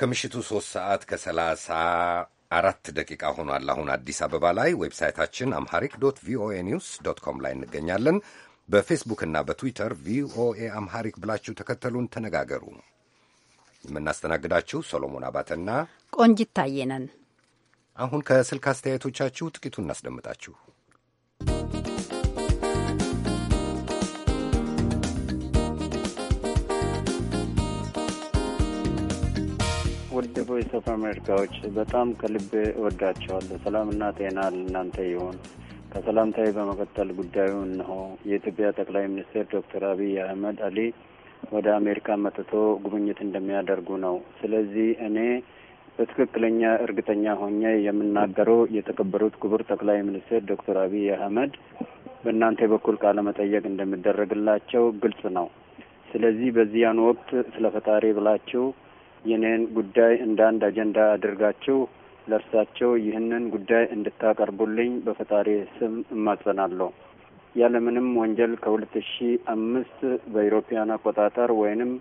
ከምሽቱ ሶስት ሰዓት ከሰላሳ አራት ደቂቃ ሆኗል። አሁን አዲስ አበባ ላይ ዌብሳይታችን አምሃሪክ ዶት ቪኦኤ ኒውስ ዶት ኮም ላይ እንገኛለን። በፌስቡክና በትዊተር ቪኦኤ አምሃሪክ ብላችሁ ተከተሉን፣ ተነጋገሩ። የምናስተናግዳችሁ ሶሎሞን አባተና ቆንጂት ታየነን። አሁን ከስልክ አስተያየቶቻችሁ ጥቂቱ እናስደምጣችሁ። ውድ ቮይስ ኦፍ አሜሪካዎች በጣም ከልብ እወዳቸዋለሁ። ሰላምና ጤና ለእናንተ ይሆን። ከሰላምታዊ በመቀጠል ጉዳዩ እንሆ የኢትዮጵያ ጠቅላይ ሚኒስትር ዶክተር አብይ አህመድ አሊ ወደ አሜሪካ መጥቶ ጉብኝት እንደሚያደርጉ ነው። ስለዚህ እኔ በትክክለኛ እርግጠኛ ሆኜ የምናገረው የተከበሩት ክቡር ጠቅላይ ሚኒስትር ዶክተር አብይ አህመድ በእናንተ በኩል ቃለ መጠየቅ እንደሚደረግላቸው ግልጽ ነው። ስለዚህ በዚያን ወቅት ስለ ፈጣሪ ብላችሁ የኔን ጉዳይ እንደ አንድ አጀንዳ አድርጋችሁ ለእርሳቸው ይህንን ጉዳይ እንድታቀርቡልኝ በፈጣሪ ስም እማጸናለሁ። ያለምንም ወንጀል ከሁለት ሺ አምስት በኢሮፒያን አቆጣጠር ወይንም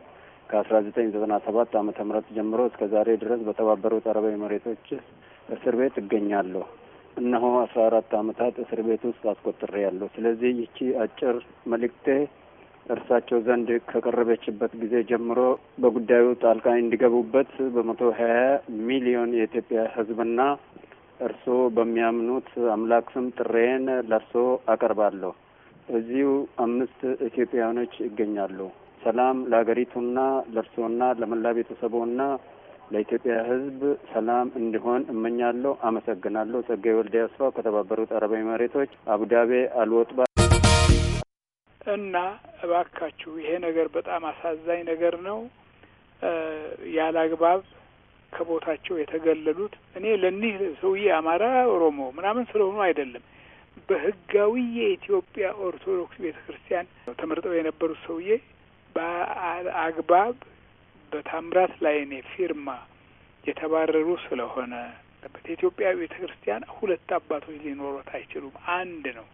ከአስራ ዘጠኝ ዘጠና ሰባት አመተ ምህረት ጀምሮ እስከ ዛሬ ድረስ በተባበሩት አረብ ኤምሬቶች እስር ቤት እገኛለሁ። እነሆ አስራ አራት አመታት እስር ቤት ውስጥ አስቆጥሬ ያለሁ። ስለዚህ ይቺ አጭር መልእክቴ እርሳቸው ዘንድ ከቀረበችበት ጊዜ ጀምሮ በጉዳዩ ጣልቃ እንዲገቡበት በመቶ ሀያ ሚሊዮን የኢትዮጵያ ሕዝብና እርስዎ በሚያምኑት አምላክ ስም ጥሬን ለእርስዎ አቀርባለሁ። እዚሁ አምስት ኢትዮጵያውያኖች ይገኛሉ። ሰላም ለሀገሪቱና ለእርስዎና ለመላ ቤተሰቦና ለኢትዮጵያ ህዝብ ሰላም እንዲሆን እመኛለሁ። አመሰግናለሁ። ጸጋዬ ወልደ ያስፋው ከተባበሩት አረባዊ መሬቶች አቡዳቤ አልወጥባ እና እባካችሁ ይሄ ነገር በጣም አሳዛኝ ነገር ነው። ያለ አግባብ ከቦታቸው የተገለሉት እኔ ለኒህ ሰውዬ አማራ፣ ኦሮሞ ምናምን ስለሆኑ አይደለም። በህጋዊ የኢትዮጵያ ኦርቶዶክስ ቤተ ክርስቲያን ተመርጠው የነበሩት ሰውዬ በአግባብ በታምራት ላይ ፊርማ የተባረሩ ስለሆነ በኢትዮጵያ ቤተ ክርስቲያን ሁለት አባቶች ሊኖሩት አይችሉም። አንድ ነው።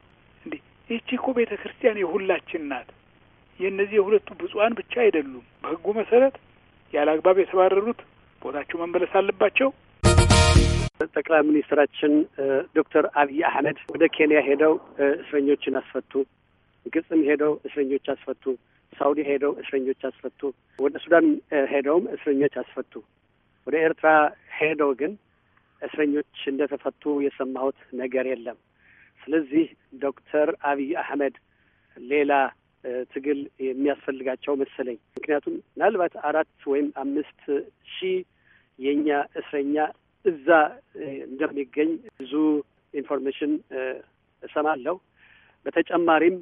ይቺ እኮ ቤተ ክርስቲያን የሁላችን ናት። የእነዚህ የሁለቱ ብፁዓን ብቻ አይደሉም። በህጉ መሰረት ያለ አግባብ የተባረሩት ቦታቸው መመለስ አለባቸው። ጠቅላይ ሚኒስትራችን ዶክተር አብይ አህመድ ወደ ኬንያ ሄደው እስረኞችን አስፈቱ። ግብፅም ሄደው እስረኞች አስፈቱ። ሳውዲ ሄደው እስረኞች አስፈቱ። ወደ ሱዳን ሄደውም እስረኞች አስፈቱ። ወደ ኤርትራ ሄደው ግን እስረኞች እንደተፈቱ የሰማሁት ነገር የለም። ስለዚህ ዶክተር አብይ አህመድ ሌላ ትግል የሚያስፈልጋቸው መሰለኝ። ምክንያቱም ምናልባት አራት ወይም አምስት ሺህ የእኛ እስረኛ እዛ እንደሚገኝ ብዙ ኢንፎርሜሽን እሰማለሁ። በተጨማሪም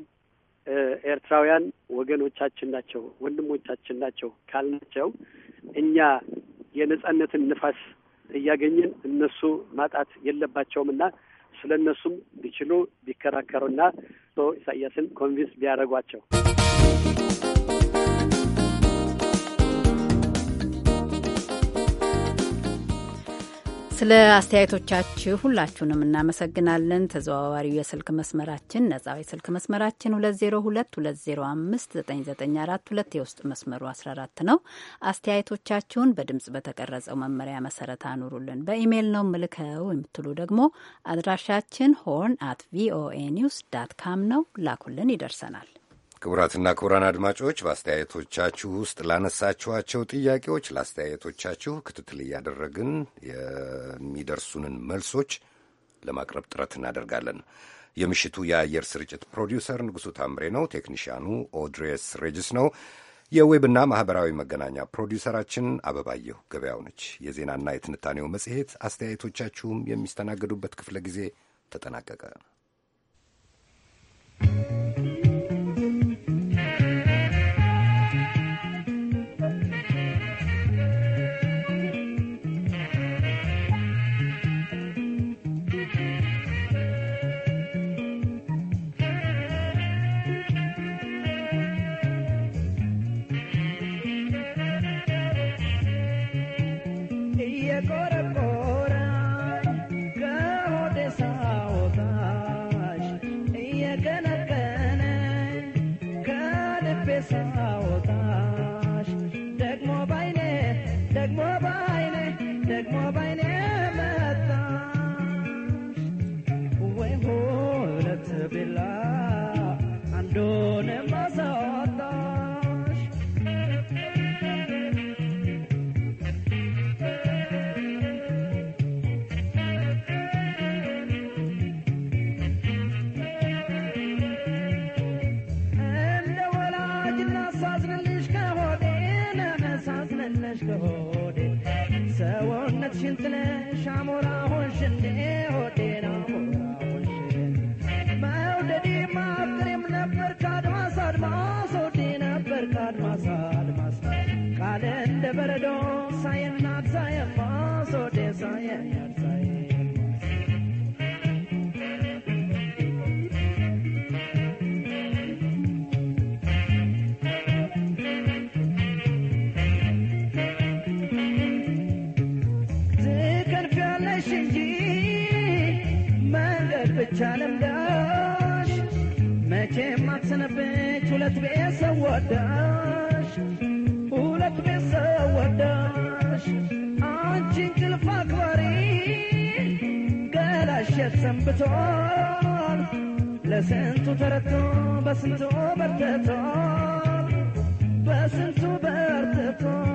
ኤርትራውያን ወገኖቻችን ናቸው፣ ወንድሞቻችን ናቸው ካልናቸው እኛ የነጻነትን ንፋስ እያገኘን እነሱ ማጣት የለባቸውም እና ስለ እነሱም ቢችሉ ቢከራከሩና ኢሳያስን ኮንቪንስ ቢያደርጓቸው ስለ አስተያየቶቻችሁ ሁላችሁንም እናመሰግናለን። ተዘዋዋሪው የስልክ መስመራችን ነጻው የስልክ መስመራችን 202 9942 የውስጥ መስመሩ 14 ነው። አስተያየቶቻችሁን በድምጽ በተቀረጸው መመሪያ መሰረት አኑሩልን። በኢሜይል ነው ምልከው የምትሉ ደግሞ አድራሻችን ሆርን አት ቪኦኤ ኒውስ ዳት ካም ነው። ላኩልን፣ ይደርሰናል። ክቡራትና ክቡራን አድማጮች በአስተያየቶቻችሁ ውስጥ ላነሳችኋቸው ጥያቄዎች፣ ለአስተያየቶቻችሁ ክትትል እያደረግን የሚደርሱንን መልሶች ለማቅረብ ጥረት እናደርጋለን። የምሽቱ የአየር ስርጭት ፕሮዲውሰር ንጉሡ ታምሬ ነው። ቴክኒሽያኑ ኦድሬስ ሬጅስ ነው። የዌብና ማኅበራዊ መገናኛ ፕሮዲውሰራችን አበባየሁ ገበያው ነች። የዜናና የትንታኔው መጽሔት አስተያየቶቻችሁም የሚስተናገዱበት ክፍለ ጊዜ ተጠናቀቀ። ነሽ ከሆዴ ሰውነትሽን ጥለሽ አሞራ ሆንሽ እንዴ وداش ولك بيصوداش عجين تلف أكبري قال الشيخ سنبتور لسنتو ترتو بس انتو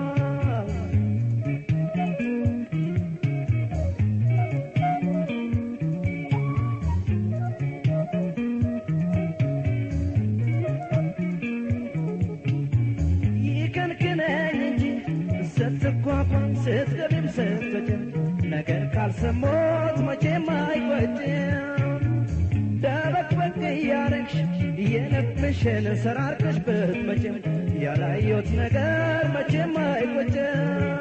ፍቅርሽን ሰራርቅሽ ብትመጭም ያላየሁት ነገር መቼም አይቆጭም።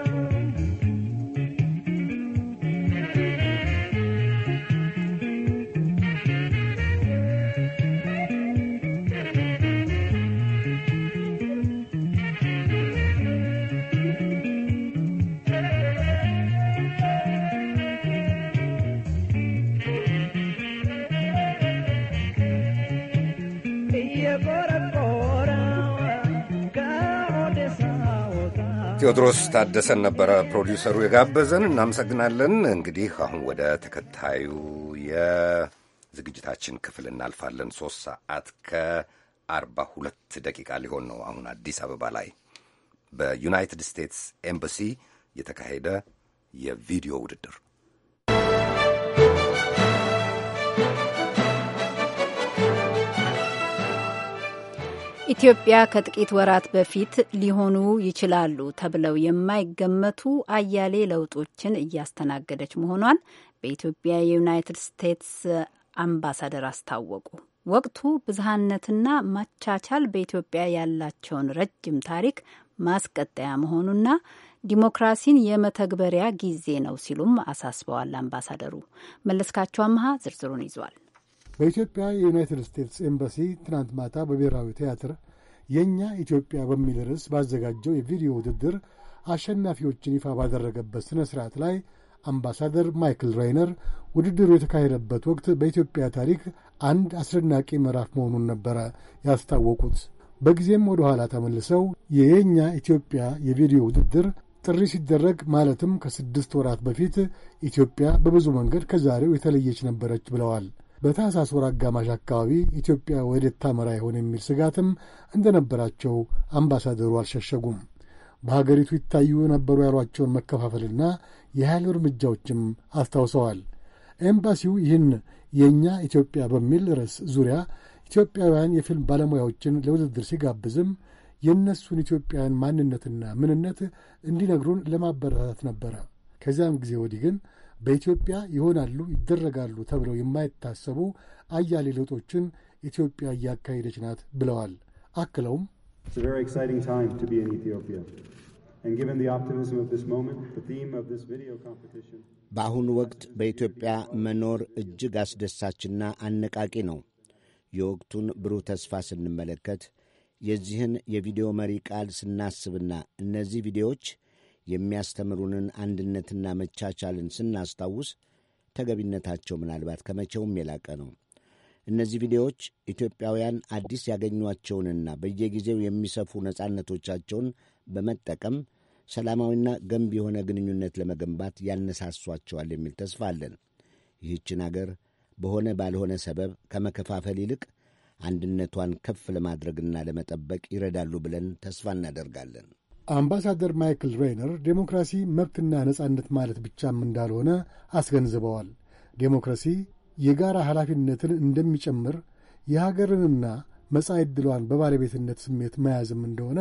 ቴዎድሮስ ታደሰን ነበረ ፕሮዲውሰሩ የጋበዘን። እናመሰግናለን። እንግዲህ አሁን ወደ ተከታዩ የዝግጅታችን ክፍል እናልፋለን። ሶስት ሰዓት ከአርባ ሁለት ደቂቃ ሊሆን ነው አሁን አዲስ አበባ ላይ በዩናይትድ ስቴትስ ኤምባሲ የተካሄደ የቪዲዮ ውድድር ኢትዮጵያ ከጥቂት ወራት በፊት ሊሆኑ ይችላሉ ተብለው የማይገመቱ አያሌ ለውጦችን እያስተናገደች መሆኗን በኢትዮጵያ የዩናይትድ ስቴትስ አምባሳደር አስታወቁ። ወቅቱ ብዝሃነትና ማቻቻል በኢትዮጵያ ያላቸውን ረጅም ታሪክ ማስቀጠያ መሆኑና ዲሞክራሲን የመተግበሪያ ጊዜ ነው ሲሉም አሳስበዋል አምባሳደሩ። መለስካቸው አምሃ ዝርዝሩን ይዟል። በኢትዮጵያ የዩናይትድ ስቴትስ ኤምባሲ ትናንት ማታ በብሔራዊ ቲያትር የእኛ ኢትዮጵያ በሚል ርዕስ ባዘጋጀው የቪዲዮ ውድድር አሸናፊዎችን ይፋ ባደረገበት ሥነ ሥርዓት ላይ አምባሳደር ማይክል ራይነር ውድድሩ የተካሄደበት ወቅት በኢትዮጵያ ታሪክ አንድ አስደናቂ ምዕራፍ መሆኑን ነበረ ያስታወቁት። በጊዜም ወደ ኋላ ተመልሰው የየኛ ኢትዮጵያ የቪዲዮ ውድድር ጥሪ ሲደረግ ማለትም ከስድስት ወራት በፊት ኢትዮጵያ በብዙ መንገድ ከዛሬው የተለየች ነበረች ብለዋል። በታህሳስ ወር አጋማሽ አካባቢ ኢትዮጵያ ወዴት ታመራ ይሆን የሚል ስጋትም እንደነበራቸው አምባሳደሩ አልሸሸጉም። በሀገሪቱ ይታዩ የነበሩ ያሏቸውን መከፋፈልና የኃይል እርምጃዎችም አስታውሰዋል። ኤምባሲው ይህን የእኛ ኢትዮጵያ በሚል ርዕስ ዙሪያ ኢትዮጵያውያን የፊልም ባለሙያዎችን ለውድድር ሲጋብዝም የእነሱን ኢትዮጵያውያን ማንነትና ምንነት እንዲነግሩን ለማበረታታት ነበረ። ከዚያም ጊዜ ወዲህ ግን በኢትዮጵያ ይሆናሉ ይደረጋሉ ተብለው የማይታሰቡ አያሌ ለውጦችን ኢትዮጵያ እያካሄደች ናት ብለዋል። አክለውም በአሁኑ ወቅት በኢትዮጵያ መኖር እጅግ አስደሳችና አነቃቂ ነው። የወቅቱን ብሩህ ተስፋ ስንመለከት የዚህን የቪዲዮ መሪ ቃል ስናስብና እነዚህ ቪዲዮዎች የሚያስተምሩንን አንድነትና መቻቻልን ስናስታውስ ተገቢነታቸው ምናልባት ከመቼውም የላቀ ነው። እነዚህ ቪዲዮዎች ኢትዮጵያውያን አዲስ ያገኟቸውንና በየጊዜው የሚሰፉ ነጻነቶቻቸውን በመጠቀም ሰላማዊና ገንቢ የሆነ ግንኙነት ለመገንባት ያነሳሷቸዋል የሚል ተስፋ አለን። ይህችን አገር በሆነ ባልሆነ ሰበብ ከመከፋፈል ይልቅ አንድነቷን ከፍ ለማድረግና ለመጠበቅ ይረዳሉ ብለን ተስፋ እናደርጋለን። አምባሳደር ማይክል ሬይነር ዴሞክራሲ መብትና ነጻነት ማለት ብቻም እንዳልሆነ አስገንዝበዋል። ዴሞክራሲ የጋራ ኃላፊነትን እንደሚጨምር የሀገርንና መጻኢ ዕድሏን በባለቤትነት ስሜት መያዝም እንደሆነ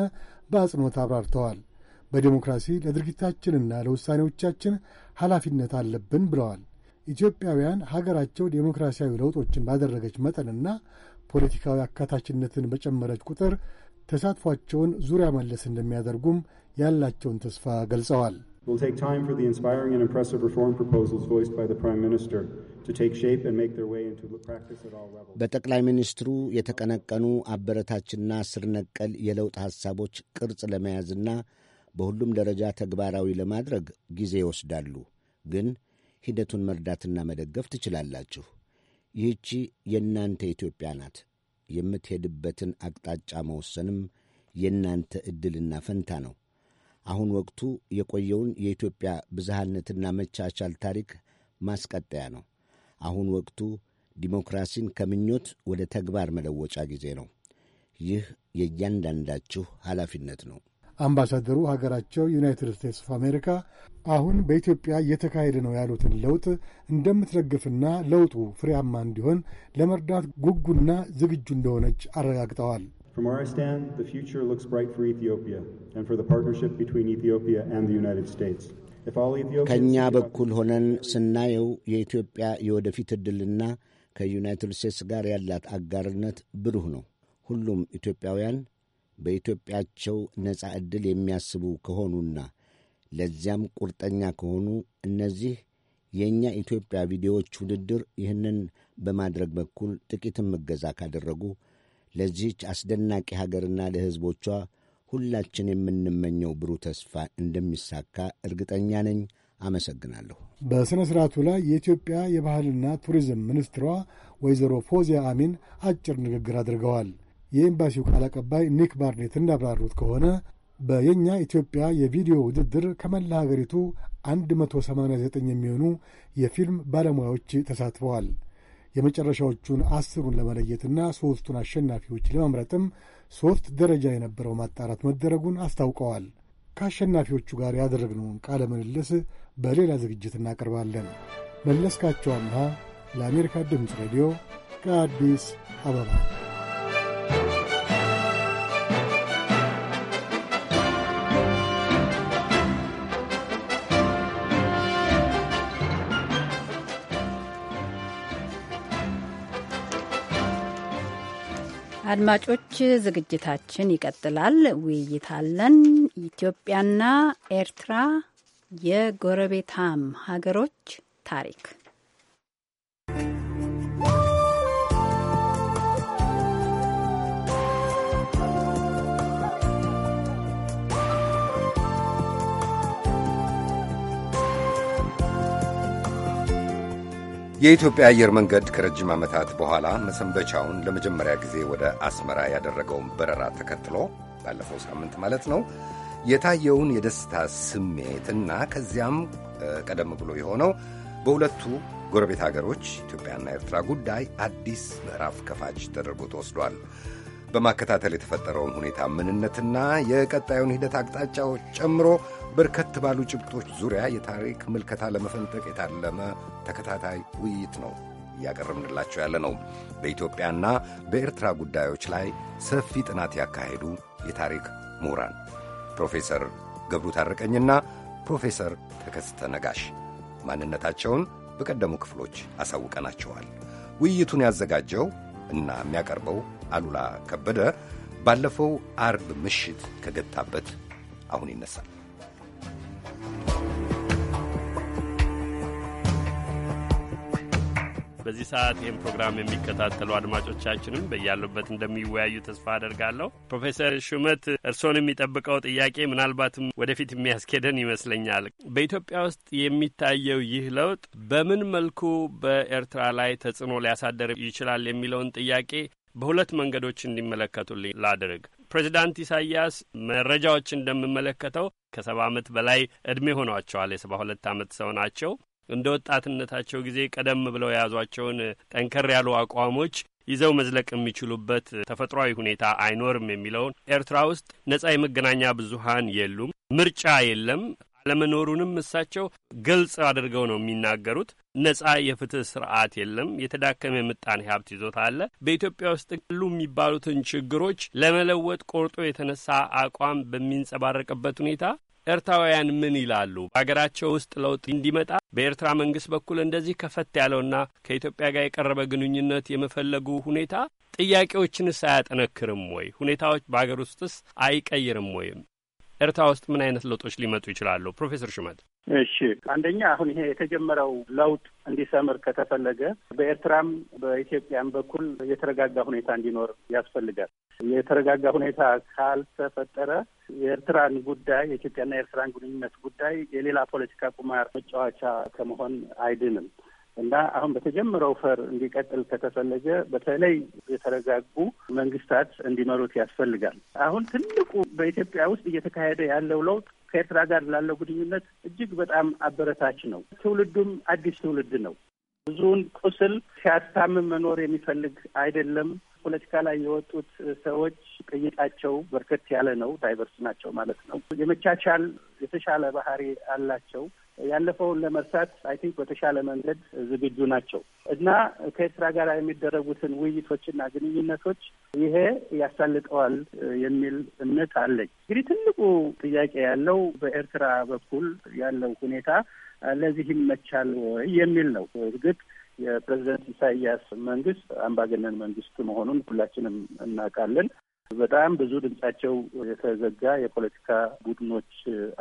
በአጽንኦት አብራርተዋል። በዴሞክራሲ ለድርጊታችንና ለውሳኔዎቻችን ኃላፊነት አለብን ብለዋል። ኢትዮጵያውያን ሀገራቸው ዴሞክራሲያዊ ለውጦችን ባደረገች መጠንና ፖለቲካዊ አካታችነትን በጨመረች ቁጥር ተሳትፏቸውን ዙሪያ መለስ እንደሚያደርጉም ያላቸውን ተስፋ ገልጸዋል። በጠቅላይ ሚኒስትሩ የተቀነቀኑ አበረታችና ስር ነቀል የለውጥ ሐሳቦች ቅርጽ ለመያዝና በሁሉም ደረጃ ተግባራዊ ለማድረግ ጊዜ ይወስዳሉ። ግን ሂደቱን መርዳትና መደገፍ ትችላላችሁ። ይህቺ የእናንተ ኢትዮጵያ ናት። የምትሄድበትን አቅጣጫ መወሰንም የእናንተ ዕድልና ፈንታ ነው። አሁን ወቅቱ የቆየውን የኢትዮጵያ ብዝሃነትና መቻቻል ታሪክ ማስቀጠያ ነው። አሁን ወቅቱ ዲሞክራሲን ከምኞት ወደ ተግባር መለወጫ ጊዜ ነው። ይህ የእያንዳንዳችሁ ኃላፊነት ነው። አምባሳደሩ ሀገራቸው ዩናይትድ ስቴትስ ኦፍ አሜሪካ አሁን በኢትዮጵያ እየተካሄደ ነው ያሉትን ለውጥ እንደምትደግፍና ለውጡ ፍሬያማ እንዲሆን ለመርዳት ጉጉና ዝግጁ እንደሆነች አረጋግጠዋል። ከእኛ በኩል ሆነን ስናየው የኢትዮጵያ የወደፊት ዕድልና ከዩናይትድ ስቴትስ ጋር ያላት አጋርነት ብሩህ ነው። ሁሉም ኢትዮጵያውያን በኢትዮጵያቸው ነጻ ዕድል የሚያስቡ ከሆኑና ለዚያም ቁርጠኛ ከሆኑ እነዚህ የእኛ ኢትዮጵያ ቪዲዮዎች ውድድር ይህንን በማድረግ በኩል ጥቂትም እገዛ ካደረጉ ለዚህች አስደናቂ ሀገርና ለሕዝቦቿ ሁላችን የምንመኘው ብሩህ ተስፋ እንደሚሳካ እርግጠኛ ነኝ። አመሰግናለሁ። በሥነ ሥርዓቱ ላይ የኢትዮጵያ የባህልና ቱሪዝም ሚኒስትሯ ወይዘሮ ፎዚያ አሚን አጭር ንግግር አድርገዋል። የኤምባሲው ቃል አቀባይ ኒክ ባርኔት እንዳብራሩት ከሆነ በየኛ ኢትዮጵያ የቪዲዮ ውድድር ከመላ ሀገሪቱ 189 የሚሆኑ የፊልም ባለሙያዎች ተሳትፈዋል። የመጨረሻዎቹን አስሩን ለመለየትና ሦስቱን አሸናፊዎች ለመምረጥም ሦስት ደረጃ የነበረው ማጣራት መደረጉን አስታውቀዋል። ከአሸናፊዎቹ ጋር ያደረግነውን ቃለ ምልልስ በሌላ ዝግጅት እናቀርባለን። መለስካቸው አምሃ ለአሜሪካ ድምፅ ሬዲዮ ከአዲስ አበባ አድማጮች ዝግጅታችን ይቀጥላል። ውይይት አለን። ኢትዮጵያና ኤርትራ የጎረቤታም ሀገሮች ታሪክ የኢትዮጵያ አየር መንገድ ከረጅም ዓመታት በኋላ መሰንበቻውን ለመጀመሪያ ጊዜ ወደ አስመራ ያደረገውን በረራ ተከትሎ ባለፈው ሳምንት ማለት ነው የታየውን የደስታ ስሜት እና ከዚያም ቀደም ብሎ የሆነው በሁለቱ ጎረቤት አገሮች ኢትዮጵያና ኤርትራ ጉዳይ አዲስ ምዕራፍ ከፋች ተደርጎ ተወስዷል። በማከታተል የተፈጠረውን ሁኔታ ምንነትና የቀጣዩን ሂደት አቅጣጫዎች ጨምሮ በርከት ባሉ ጭብጦች ዙሪያ የታሪክ ምልከታ ለመፈንጠቅ የታለመ ተከታታይ ውይይት ነው እያቀረብንላቸው ያለ ነው። በኢትዮጵያና በኤርትራ ጉዳዮች ላይ ሰፊ ጥናት ያካሄዱ የታሪክ ምሁራን ፕሮፌሰር ገብሩ ታረቀኝና ፕሮፌሰር ተከስተ ነጋሽ ማንነታቸውን በቀደሙ ክፍሎች አሳውቀናቸዋል። ውይይቱን ያዘጋጀው እና የሚያቀርበው አሉላ ከበደ ባለፈው አርብ ምሽት ከገታበት አሁን ይነሳል። በዚህ ሰዓት ይህን ፕሮግራም የሚከታተሉ አድማጮቻችንም በያሉበት እንደሚወያዩ ተስፋ አደርጋለሁ። ፕሮፌሰር ሹመት እርስዎን የሚጠብቀው ጥያቄ ምናልባትም ወደፊት የሚያስኬደን ይመስለኛል። በኢትዮጵያ ውስጥ የሚታየው ይህ ለውጥ በምን መልኩ በኤርትራ ላይ ተጽዕኖ ሊያሳደር ይችላል የሚለውን ጥያቄ በሁለት መንገዶች እንዲመለከቱልኝ ላድርግ። ፕሬዚዳንት ኢሳያስ መረጃዎች እንደምመለከተው ከሰባ ዓመት በላይ ዕድሜ ሆኗቸዋል። የሰባ ሁለት ዓመት ሰው ናቸው። እንደ ወጣትነታቸው ጊዜ ቀደም ብለው የያዟቸውን ጠንከር ያሉ አቋሞች ይዘው መዝለቅ የሚችሉበት ተፈጥሯዊ ሁኔታ አይኖርም የሚለውን ኤርትራ ውስጥ ነጻ የመገናኛ ብዙሃን የሉም፣ ምርጫ የለም፣ አለመኖሩንም እሳቸው ግልጽ አድርገው ነው የሚናገሩት። ነጻ የፍትህ ስርዓት የለም፣ የተዳከመ የምጣኔ ሀብት ይዞታ አለ። በኢትዮጵያ ውስጥ ሉ የሚባሉትን ችግሮች ለመለወጥ ቆርጦ የተነሳ አቋም በሚንጸባረቅበት ሁኔታ ኤርትራውያን ምን ይላሉ? በሀገራቸው ውስጥ ለውጥ እንዲመጣ በኤርትራ መንግስት በኩል እንደዚህ ከፈት ያለውና ከኢትዮጵያ ጋር የቀረበ ግንኙነት የመፈለጉ ሁኔታ ጥያቄዎችንስ አያጠነክርም ወይ? ሁኔታዎች በሀገር ውስጥስ አይቀይርም ወይም ኤርትራ ውስጥ ምን አይነት ለውጦች ሊመጡ ይችላሉ? ፕሮፌሰር ሹመት እሺ፣ አንደኛ አሁን ይሄ የተጀመረው ለውጥ እንዲሰምር ከተፈለገ በኤርትራም በኢትዮጵያም በኩል የተረጋጋ ሁኔታ እንዲኖር ያስፈልጋል። የተረጋጋ ሁኔታ ካልተፈጠረ የኤርትራን ጉዳይ የኢትዮጵያና የኤርትራን ግንኙነት ጉዳይ የሌላ ፖለቲካ ቁማር መጫወቻ ከመሆን አይድንም። እና አሁን በተጀመረው ፈር እንዲቀጥል ከተፈለገ በተለይ የተረጋጉ መንግስታት እንዲመሩት ያስፈልጋል። አሁን ትልቁ በኢትዮጵያ ውስጥ እየተካሄደ ያለው ለውጥ ከኤርትራ ጋር ላለው ግንኙነት እጅግ በጣም አበረታች ነው። ትውልዱም አዲስ ትውልድ ነው። ብዙውን ቁስል ሲያስታምም መኖር የሚፈልግ አይደለም። ፖለቲካ ላይ የወጡት ሰዎች ቅይጣቸው በርከት ያለ ነው። ዳይቨርስ ናቸው ማለት ነው። የመቻቻል የተሻለ ባህሪ አላቸው። ያለፈውን ለመርሳት አይ ቲንክ በተሻለ መንገድ ዝግጁ ናቸው እና ከኤርትራ ጋር የሚደረጉትን ውይይቶችና ግንኙነቶች ይሄ ያሳልጠዋል የሚል እምነት አለኝ። እንግዲህ ትልቁ ጥያቄ ያለው በኤርትራ በኩል ያለው ሁኔታ ለዚህ ይመቻል ወይ የሚል ነው። እርግጥ የፕሬዚደንት ኢሳያስ መንግስት አምባገነን መንግስት መሆኑን ሁላችንም እናውቃለን። በጣም ብዙ ድምጻቸው የተዘጋ የፖለቲካ ቡድኖች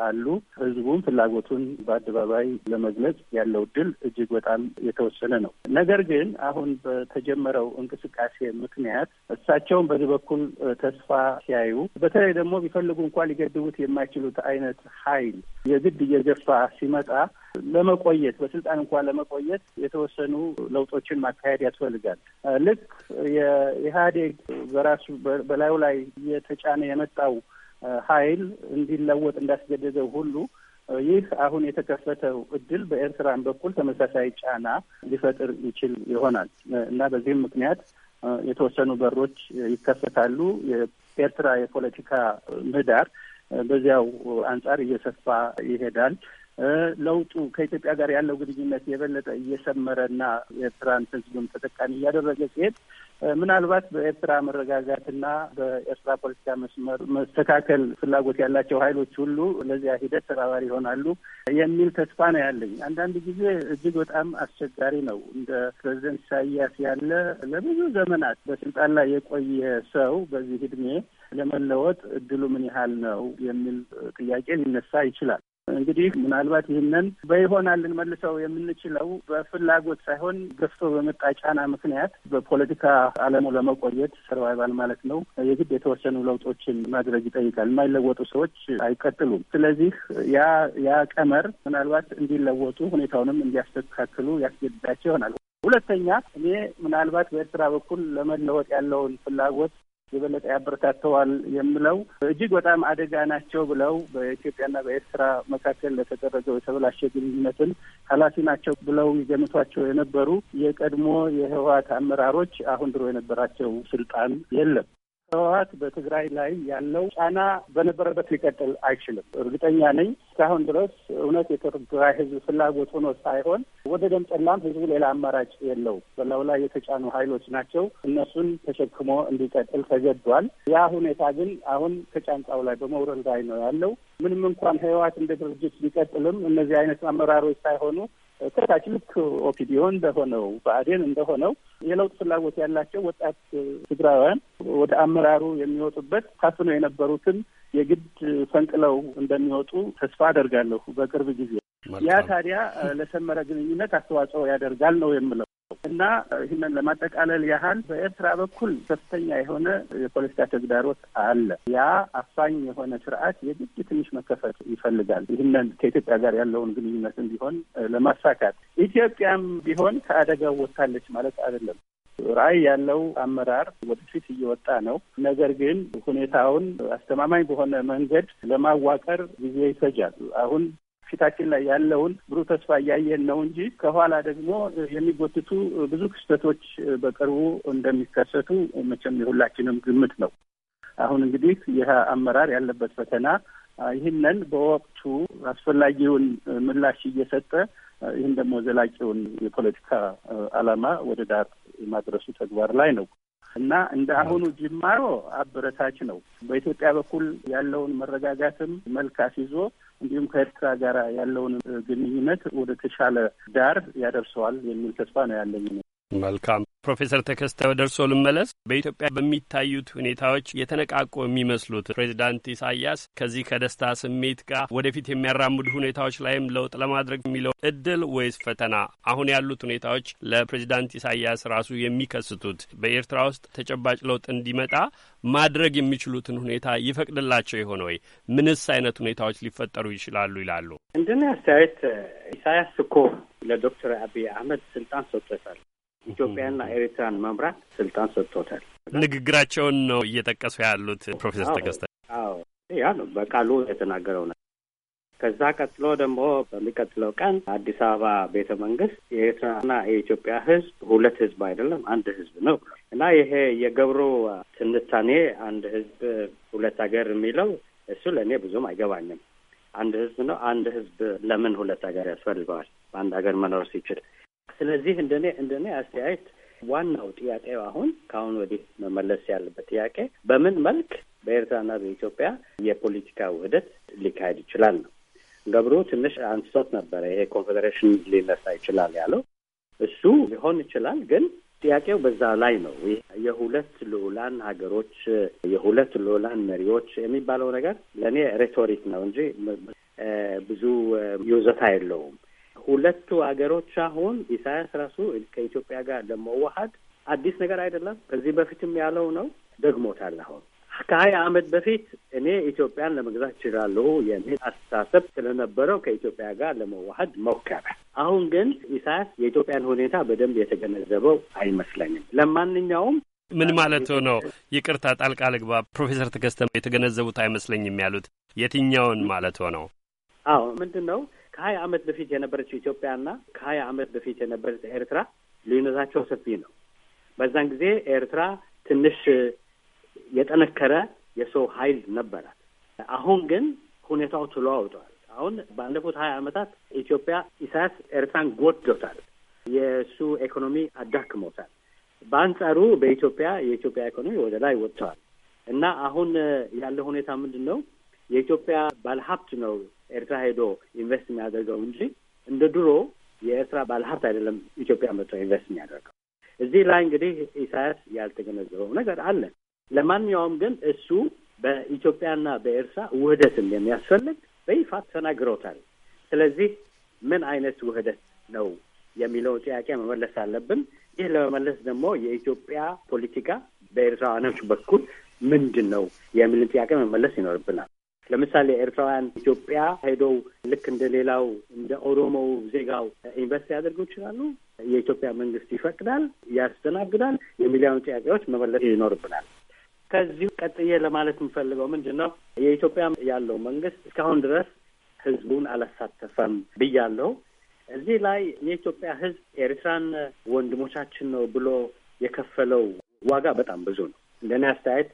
አሉ። ህዝቡም ፍላጎቱን በአደባባይ ለመግለጽ ያለው እድል እጅግ በጣም የተወሰነ ነው። ነገር ግን አሁን በተጀመረው እንቅስቃሴ ምክንያት እሳቸውም በዚህ በኩል ተስፋ ሲያዩ፣ በተለይ ደግሞ ቢፈልጉ እንኳን ሊገድቡት የማይችሉት አይነት ኃይል የግድ እየገፋ ሲመጣ ለመቆየት በስልጣን እንኳን ለመቆየት የተወሰኑ ለውጦችን ማካሄድ ያስፈልጋል። ልክ የኢህአዴግ በራሱ በላዩ ላይ እየተጫነ የመጣው ኃይል እንዲለወጥ እንዳስገደደው ሁሉ ይህ አሁን የተከፈተው እድል በኤርትራን በኩል ተመሳሳይ ጫና ሊፈጥር ይችል ይሆናል እና በዚህም ምክንያት የተወሰኑ በሮች ይከፈታሉ። የኤርትራ የፖለቲካ ምህዳር በዚያው አንጻር እየሰፋ ይሄዳል። ለውጡ ከኢትዮጵያ ጋር ያለው ግንኙነት የበለጠ እየሰመረና ኤርትራን ሕዝቡን ተጠቃሚ እያደረገ ሲሄድ ምናልባት በኤርትራ መረጋጋትና በኤርትራ ፖለቲካ መስመር መስተካከል ፍላጎት ያላቸው ኃይሎች ሁሉ ለዚያ ሂደት ተባባሪ ይሆናሉ የሚል ተስፋ ነው ያለኝ። አንዳንድ ጊዜ እጅግ በጣም አስቸጋሪ ነው። እንደ ፕሬዚደንት ኢሳያስ ያለ ለብዙ ዘመናት በስልጣን ላይ የቆየ ሰው በዚህ እድሜ ለመለወጥ እድሉ ምን ያህል ነው የሚል ጥያቄ ሊነሳ ይችላል። እንግዲህ ምናልባት ይህንን በይሆናል ልንመልሰው የምንችለው በፍላጎት ሳይሆን ገፍቶ በመጣ ጫና ምክንያት በፖለቲካ ዓለሙ ለመቆየት ሰርቫይቫል ማለት ነው የግድ የተወሰኑ ለውጦችን ማድረግ ይጠይቃል። የማይለወጡ ሰዎች አይቀጥሉም። ስለዚህ ያ ያ ቀመር ምናልባት እንዲለወጡ ሁኔታውንም እንዲያስተካክሉ ያስገድዳቸው ይሆናል። ሁለተኛ እኔ ምናልባት በኤርትራ በኩል ለመለወጥ ያለውን ፍላጎት የበለጠ ያበረታተዋል የምለው እጅግ በጣም አደጋ ናቸው ብለው በኢትዮጵያና በኤርትራ መካከል ለተደረገው የተበላሸ ግንኙነትን ኃላፊ ናቸው ብለው ይገምቷቸው የነበሩ የቀድሞ የህወሀት አመራሮች አሁን ድሮ የነበራቸው ስልጣን የለም። ህወሀት በትግራይ ላይ ያለው ጫና በነበረበት ሊቀጥል አይችልም። እርግጠኛ ነኝ። እስካሁን ድረስ እውነት የትግራይ ህዝብ ፍላጎት ሆኖ ሳይሆን ወደ ደምጨላም ህዝቡ ሌላ አማራጭ የለው። በላዩ ላይ የተጫኑ ሀይሎች ናቸው። እነሱን ተሸክሞ እንዲቀጥል ተገዷል። ያ ሁኔታ ግን አሁን ከጫንቃው ላይ በመውረድ ላይ ነው ያለው። ምንም እንኳን ህወሀት እንደ ድርጅት ሊቀጥልም እነዚህ አይነት አመራሮች ሳይሆኑ ከታች ልክ ኦፒዲዮ እንደሆነው ብአዴን እንደሆነው የለውጥ ፍላጎት ያላቸው ወጣት ትግራውያን ወደ አመራሩ የሚወጡበት ታፍነው የነበሩትን የግድ ፈንቅለው እንደሚወጡ ተስፋ አደርጋለሁ በቅርብ ጊዜ። ያ ታዲያ ለሰመረ ግንኙነት አስተዋጽኦ ያደርጋል ነው የምለው። እና ይህንን ለማጠቃለል ያህል በኤርትራ በኩል ከፍተኛ የሆነ የፖለቲካ ተግዳሮት አለ። ያ አፋኝ የሆነ ስርዓት የግድ ትንሽ መከፈት ይፈልጋል። ይህንን ከኢትዮጵያ ጋር ያለውን ግንኙነትም ቢሆን ለማሳካት ኢትዮጵያም ቢሆን ከአደጋው ወጥታለች ማለት አይደለም። ራዕይ ያለው አመራር ወደፊት እየወጣ ነው። ነገር ግን ሁኔታውን አስተማማኝ በሆነ መንገድ ለማዋቀር ጊዜ ይፈጃል። አሁን ፊታችን ላይ ያለውን ብሩህ ተስፋ እያየን ነው እንጂ ከኋላ ደግሞ የሚጎትቱ ብዙ ክስተቶች በቅርቡ እንደሚከሰቱ መቼም የሁላችንም ግምት ነው። አሁን እንግዲህ ይህ አመራር ያለበት ፈተና ይህንን በወቅቱ አስፈላጊውን ምላሽ እየሰጠ ይህን ደግሞ ዘላቂውን የፖለቲካ ዓላማ ወደ ዳር የማድረሱ ተግባር ላይ ነው እና እንደ አሁኑ ጅማሮ አበረታች ነው። በኢትዮጵያ በኩል ያለውን መረጋጋትም መልክ አስይዞ እንዲሁም ከኤርትራ ጋር ያለውን ግንኙነት ወደ ተሻለ ዳር ያደርሰዋል የሚል ተስፋ ነው ያለኝ። መልካም ፕሮፌሰር ተከስተ ደርሶ ልመለስ። በኢትዮጵያ በሚታዩት ሁኔታዎች የተነቃቁ የሚመስሉት ፕሬዚዳንት ኢሳያስ ከዚህ ከደስታ ስሜት ጋር ወደፊት የሚያራምዱ ሁኔታዎች ላይም ለውጥ ለማድረግ የሚለው እድል ወይስ ፈተና? አሁን ያሉት ሁኔታዎች ለፕሬዚዳንት ኢሳያስ ራሱ የሚከስቱት በኤርትራ ውስጥ ተጨባጭ ለውጥ እንዲመጣ ማድረግ የሚችሉትን ሁኔታ ይፈቅድላቸው የሆነ ወይ? ምንስ አይነት ሁኔታዎች ሊፈጠሩ ይችላሉ ይላሉ? እንደኔ አስተያየት ኢሳያስ እኮ ለዶክተር አብይ አህመድ ስልጣን ሰጥቶታል። ኢትዮጵያና ኤርትራን መምራት ስልጣን ሰጥቶታል። ንግግራቸውን ነው እየጠቀሱ ያሉት ፕሮፌሰር ተከስተ። አዎ ያ ነው በቃሉ የተናገረው ነው። ከዛ ቀጥሎ ደግሞ በሚቀጥለው ቀን አዲስ አበባ ቤተ መንግስት የኤርትራና የኢትዮጵያ ህዝብ ሁለት ህዝብ አይደለም አንድ ህዝብ ነው ብሏል። እና ይሄ የገብሩ ትንታኔ አንድ ህዝብ ሁለት ሀገር የሚለው እሱ ለእኔ ብዙም አይገባኝም። አንድ ህዝብ ነው። አንድ ህዝብ ለምን ሁለት ሀገር ያስፈልገዋል? በአንድ ሀገር መኖር ሲችል ስለዚህ እንደኔ እንደኔ አስተያየት ዋናው ጥያቄው አሁን ከአሁን ወዲህ መመለስ ያለበት ጥያቄ በምን መልክ በኤርትራና በኢትዮጵያ የፖለቲካ ውህደት ሊካሄድ ይችላል ነው። ገብሩ ትንሽ አንስቶት ነበረ። ይሄ ኮንፌዴሬሽን ሊነሳ ይችላል ያለው እሱ ሊሆን ይችላል ግን ጥያቄው በዛ ላይ ነው። የሁለት ልዑላን ሀገሮች የሁለት ልዑላን መሪዎች የሚባለው ነገር ለእኔ ሬቶሪክ ነው እንጂ ብዙ ይዞታ የለውም። ሁለቱ አገሮች አሁን ኢሳያስ ራሱ ከኢትዮጵያ ጋር ለመዋሀድ አዲስ ነገር አይደለም። ከዚህ በፊትም ያለው ነው፣ ደግሞታል። አሁን ከሀያ አመት በፊት እኔ ኢትዮጵያን ለመግዛት እችላለሁ የሚል አስተሳሰብ ስለነበረው ከኢትዮጵያ ጋር ለመዋሀድ ሞከረ። አሁን ግን ኢሳያስ የኢትዮጵያን ሁኔታ በደንብ የተገነዘበው አይመስለኝም። ለማንኛውም ምን ማለት ነው? ይቅርታ ጣልቃ ልግባ። ፕሮፌሰር ተከስተ የተገነዘቡት አይመስለኝም ያሉት የትኛውን ማለት ነው? አዎ ምንድን ነው ከሀያ ዓመት በፊት የነበረችው ኢትዮጵያና ከሀያ ዓመት በፊት የነበረች ኤርትራ ልዩነታቸው ሰፊ ነው። በዛን ጊዜ ኤርትራ ትንሽ የጠነከረ የሰው ኃይል ነበራት። አሁን ግን ሁኔታው ተለዋውጧል። አሁን ባለፉት ሀያ ዓመታት ኢትዮጵያ ኢሳያስ ኤርትራን ጎድቶታል። የእሱ ኢኮኖሚ አዳክሞታል። በአንጻሩ በኢትዮጵያ የኢትዮጵያ ኢኮኖሚ ወደ ላይ ወጥተዋል እና አሁን ያለ ሁኔታ ምንድን ነው? የኢትዮጵያ ባለሀብት ነው ኤርትራ ሄዶ ኢንቨስት የሚያደርገው እንጂ እንደ ድሮ የኤርትራ ባለሀብት አይደለም ኢትዮጵያ መጥቶ ኢንቨስት የሚያደርገው። እዚህ ላይ እንግዲህ ኢሳያስ ያልተገነዘበው ነገር አለ። ለማንኛውም ግን እሱ በኢትዮጵያና በኤርትራ ውህደት እንደሚያስፈልግ በይፋ ተናግረውታል። ስለዚህ ምን አይነት ውህደት ነው የሚለውን ጥያቄ መመለስ አለብን። ይህ ለመመለስ ደግሞ የኢትዮጵያ ፖለቲካ በኤርትራውያኖች በኩል ምንድን ነው የሚልን ጥያቄ መመለስ ይኖርብናል። ለምሳሌ ኤርትራውያን ኢትዮጵያ ሄደው ልክ እንደ ሌላው እንደ ኦሮሞው ዜጋው ኢንቨስት ያደርጉ ይችላሉ። የኢትዮጵያ መንግስት ይፈቅዳል፣ ያስተናግዳል። የሚሊዮን ጥያቄዎች መመለስ ይኖርብናል። ከዚሁ ቀጥዬ ለማለት የምፈልገው ምንድን ነው የኢትዮጵያ ያለው መንግስት እስካሁን ድረስ ህዝቡን አላሳተፈም ብያለሁ። እዚህ ላይ የኢትዮጵያ ህዝብ ኤርትራን ወንድሞቻችን ነው ብሎ የከፈለው ዋጋ በጣም ብዙ ነው። እንደኔ አስተያየት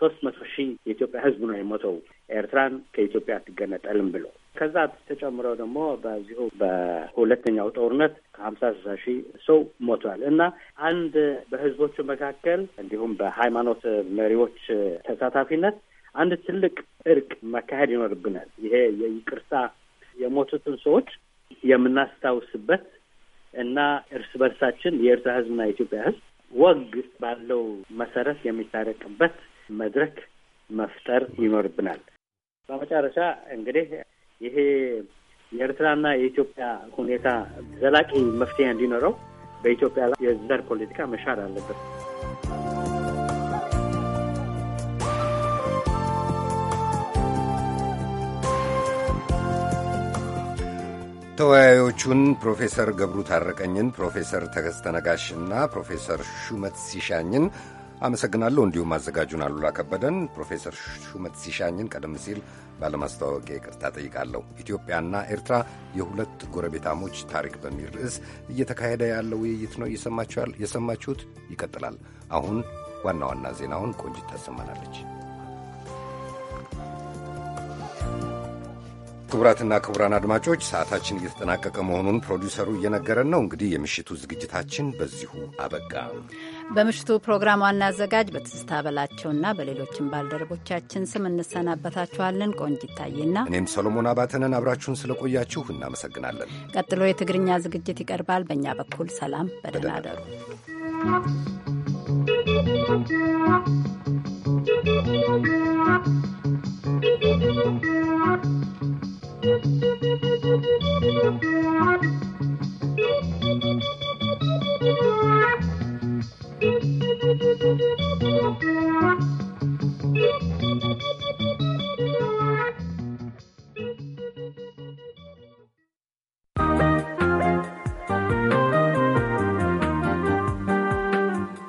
ሶስት መቶ ሺህ የኢትዮጵያ ህዝብ ነው የሞተው ኤርትራን ከኢትዮጵያ አትገነጠልም ብሎ ከዛ ተጨምሮ ደግሞ በዚሁ በሁለተኛው ጦርነት ከሀምሳ ስልሳ ሺህ ሰው ሞቷል እና አንድ በህዝቦቹ መካከል እንዲሁም በሃይማኖት መሪዎች ተሳታፊነት አንድ ትልቅ እርቅ መካሄድ ይኖርብናል። ይሄ የይቅርታ የሞቱትን ሰዎች የምናስታውስበት እና እርስ በርሳችን የኤርትራ ህዝብና የኢትዮጵያ ህዝብ ወግ ባለው መሰረት የሚታረቅበት መድረክ መፍጠር ይኖርብናል። በመጨረሻ እንግዲህ ይሄ የኤርትራና የኢትዮጵያ ሁኔታ ዘላቂ መፍትሄ እንዲኖረው በኢትዮጵያ የዘር ፖለቲካ መሻር አለበት። ተወያዮቹን ፕሮፌሰር ገብሩ ታረቀኝን፣ ፕሮፌሰር ተከስተነጋሽ እና ፕሮፌሰር ሹመት ሲሻኝን አመሰግናለሁ። እንዲሁም አዘጋጁን አሉላ ከበደን፣ ፕሮፌሰር ሹመት ሲሻኝን ቀደም ሲል ባለማስተዋወቅ ይቅርታ ጠይቃለሁ። ኢትዮጵያና ኤርትራ የሁለት ጎረቤታሞች ታሪክ በሚል ርዕስ እየተካሄደ ያለው ውይይት ነው የሰማችሁት። ይቀጥላል። አሁን ዋና ዋና ዜናውን ቆንጅት ታሰማናለች። ክቡራትና ክቡራን አድማጮች ሰዓታችን እየተጠናቀቀ መሆኑን ፕሮዲውሰሩ እየነገረን ነው። እንግዲህ የምሽቱ ዝግጅታችን በዚሁ አበቃ። በምሽቱ ፕሮግራም ዋና አዘጋጅ በትዝታ በላቸውና በሌሎችም ባልደረቦቻችን ስም እንሰናበታችኋለን። ቆንጅ ይታየና እኔም ሰሎሞን አባተነን አብራችሁን ስለቆያችሁ እናመሰግናለን። ቀጥሎ የትግርኛ ዝግጅት ይቀርባል። በእኛ በኩል ሰላም፣ በደህና አደሩ። Thank you.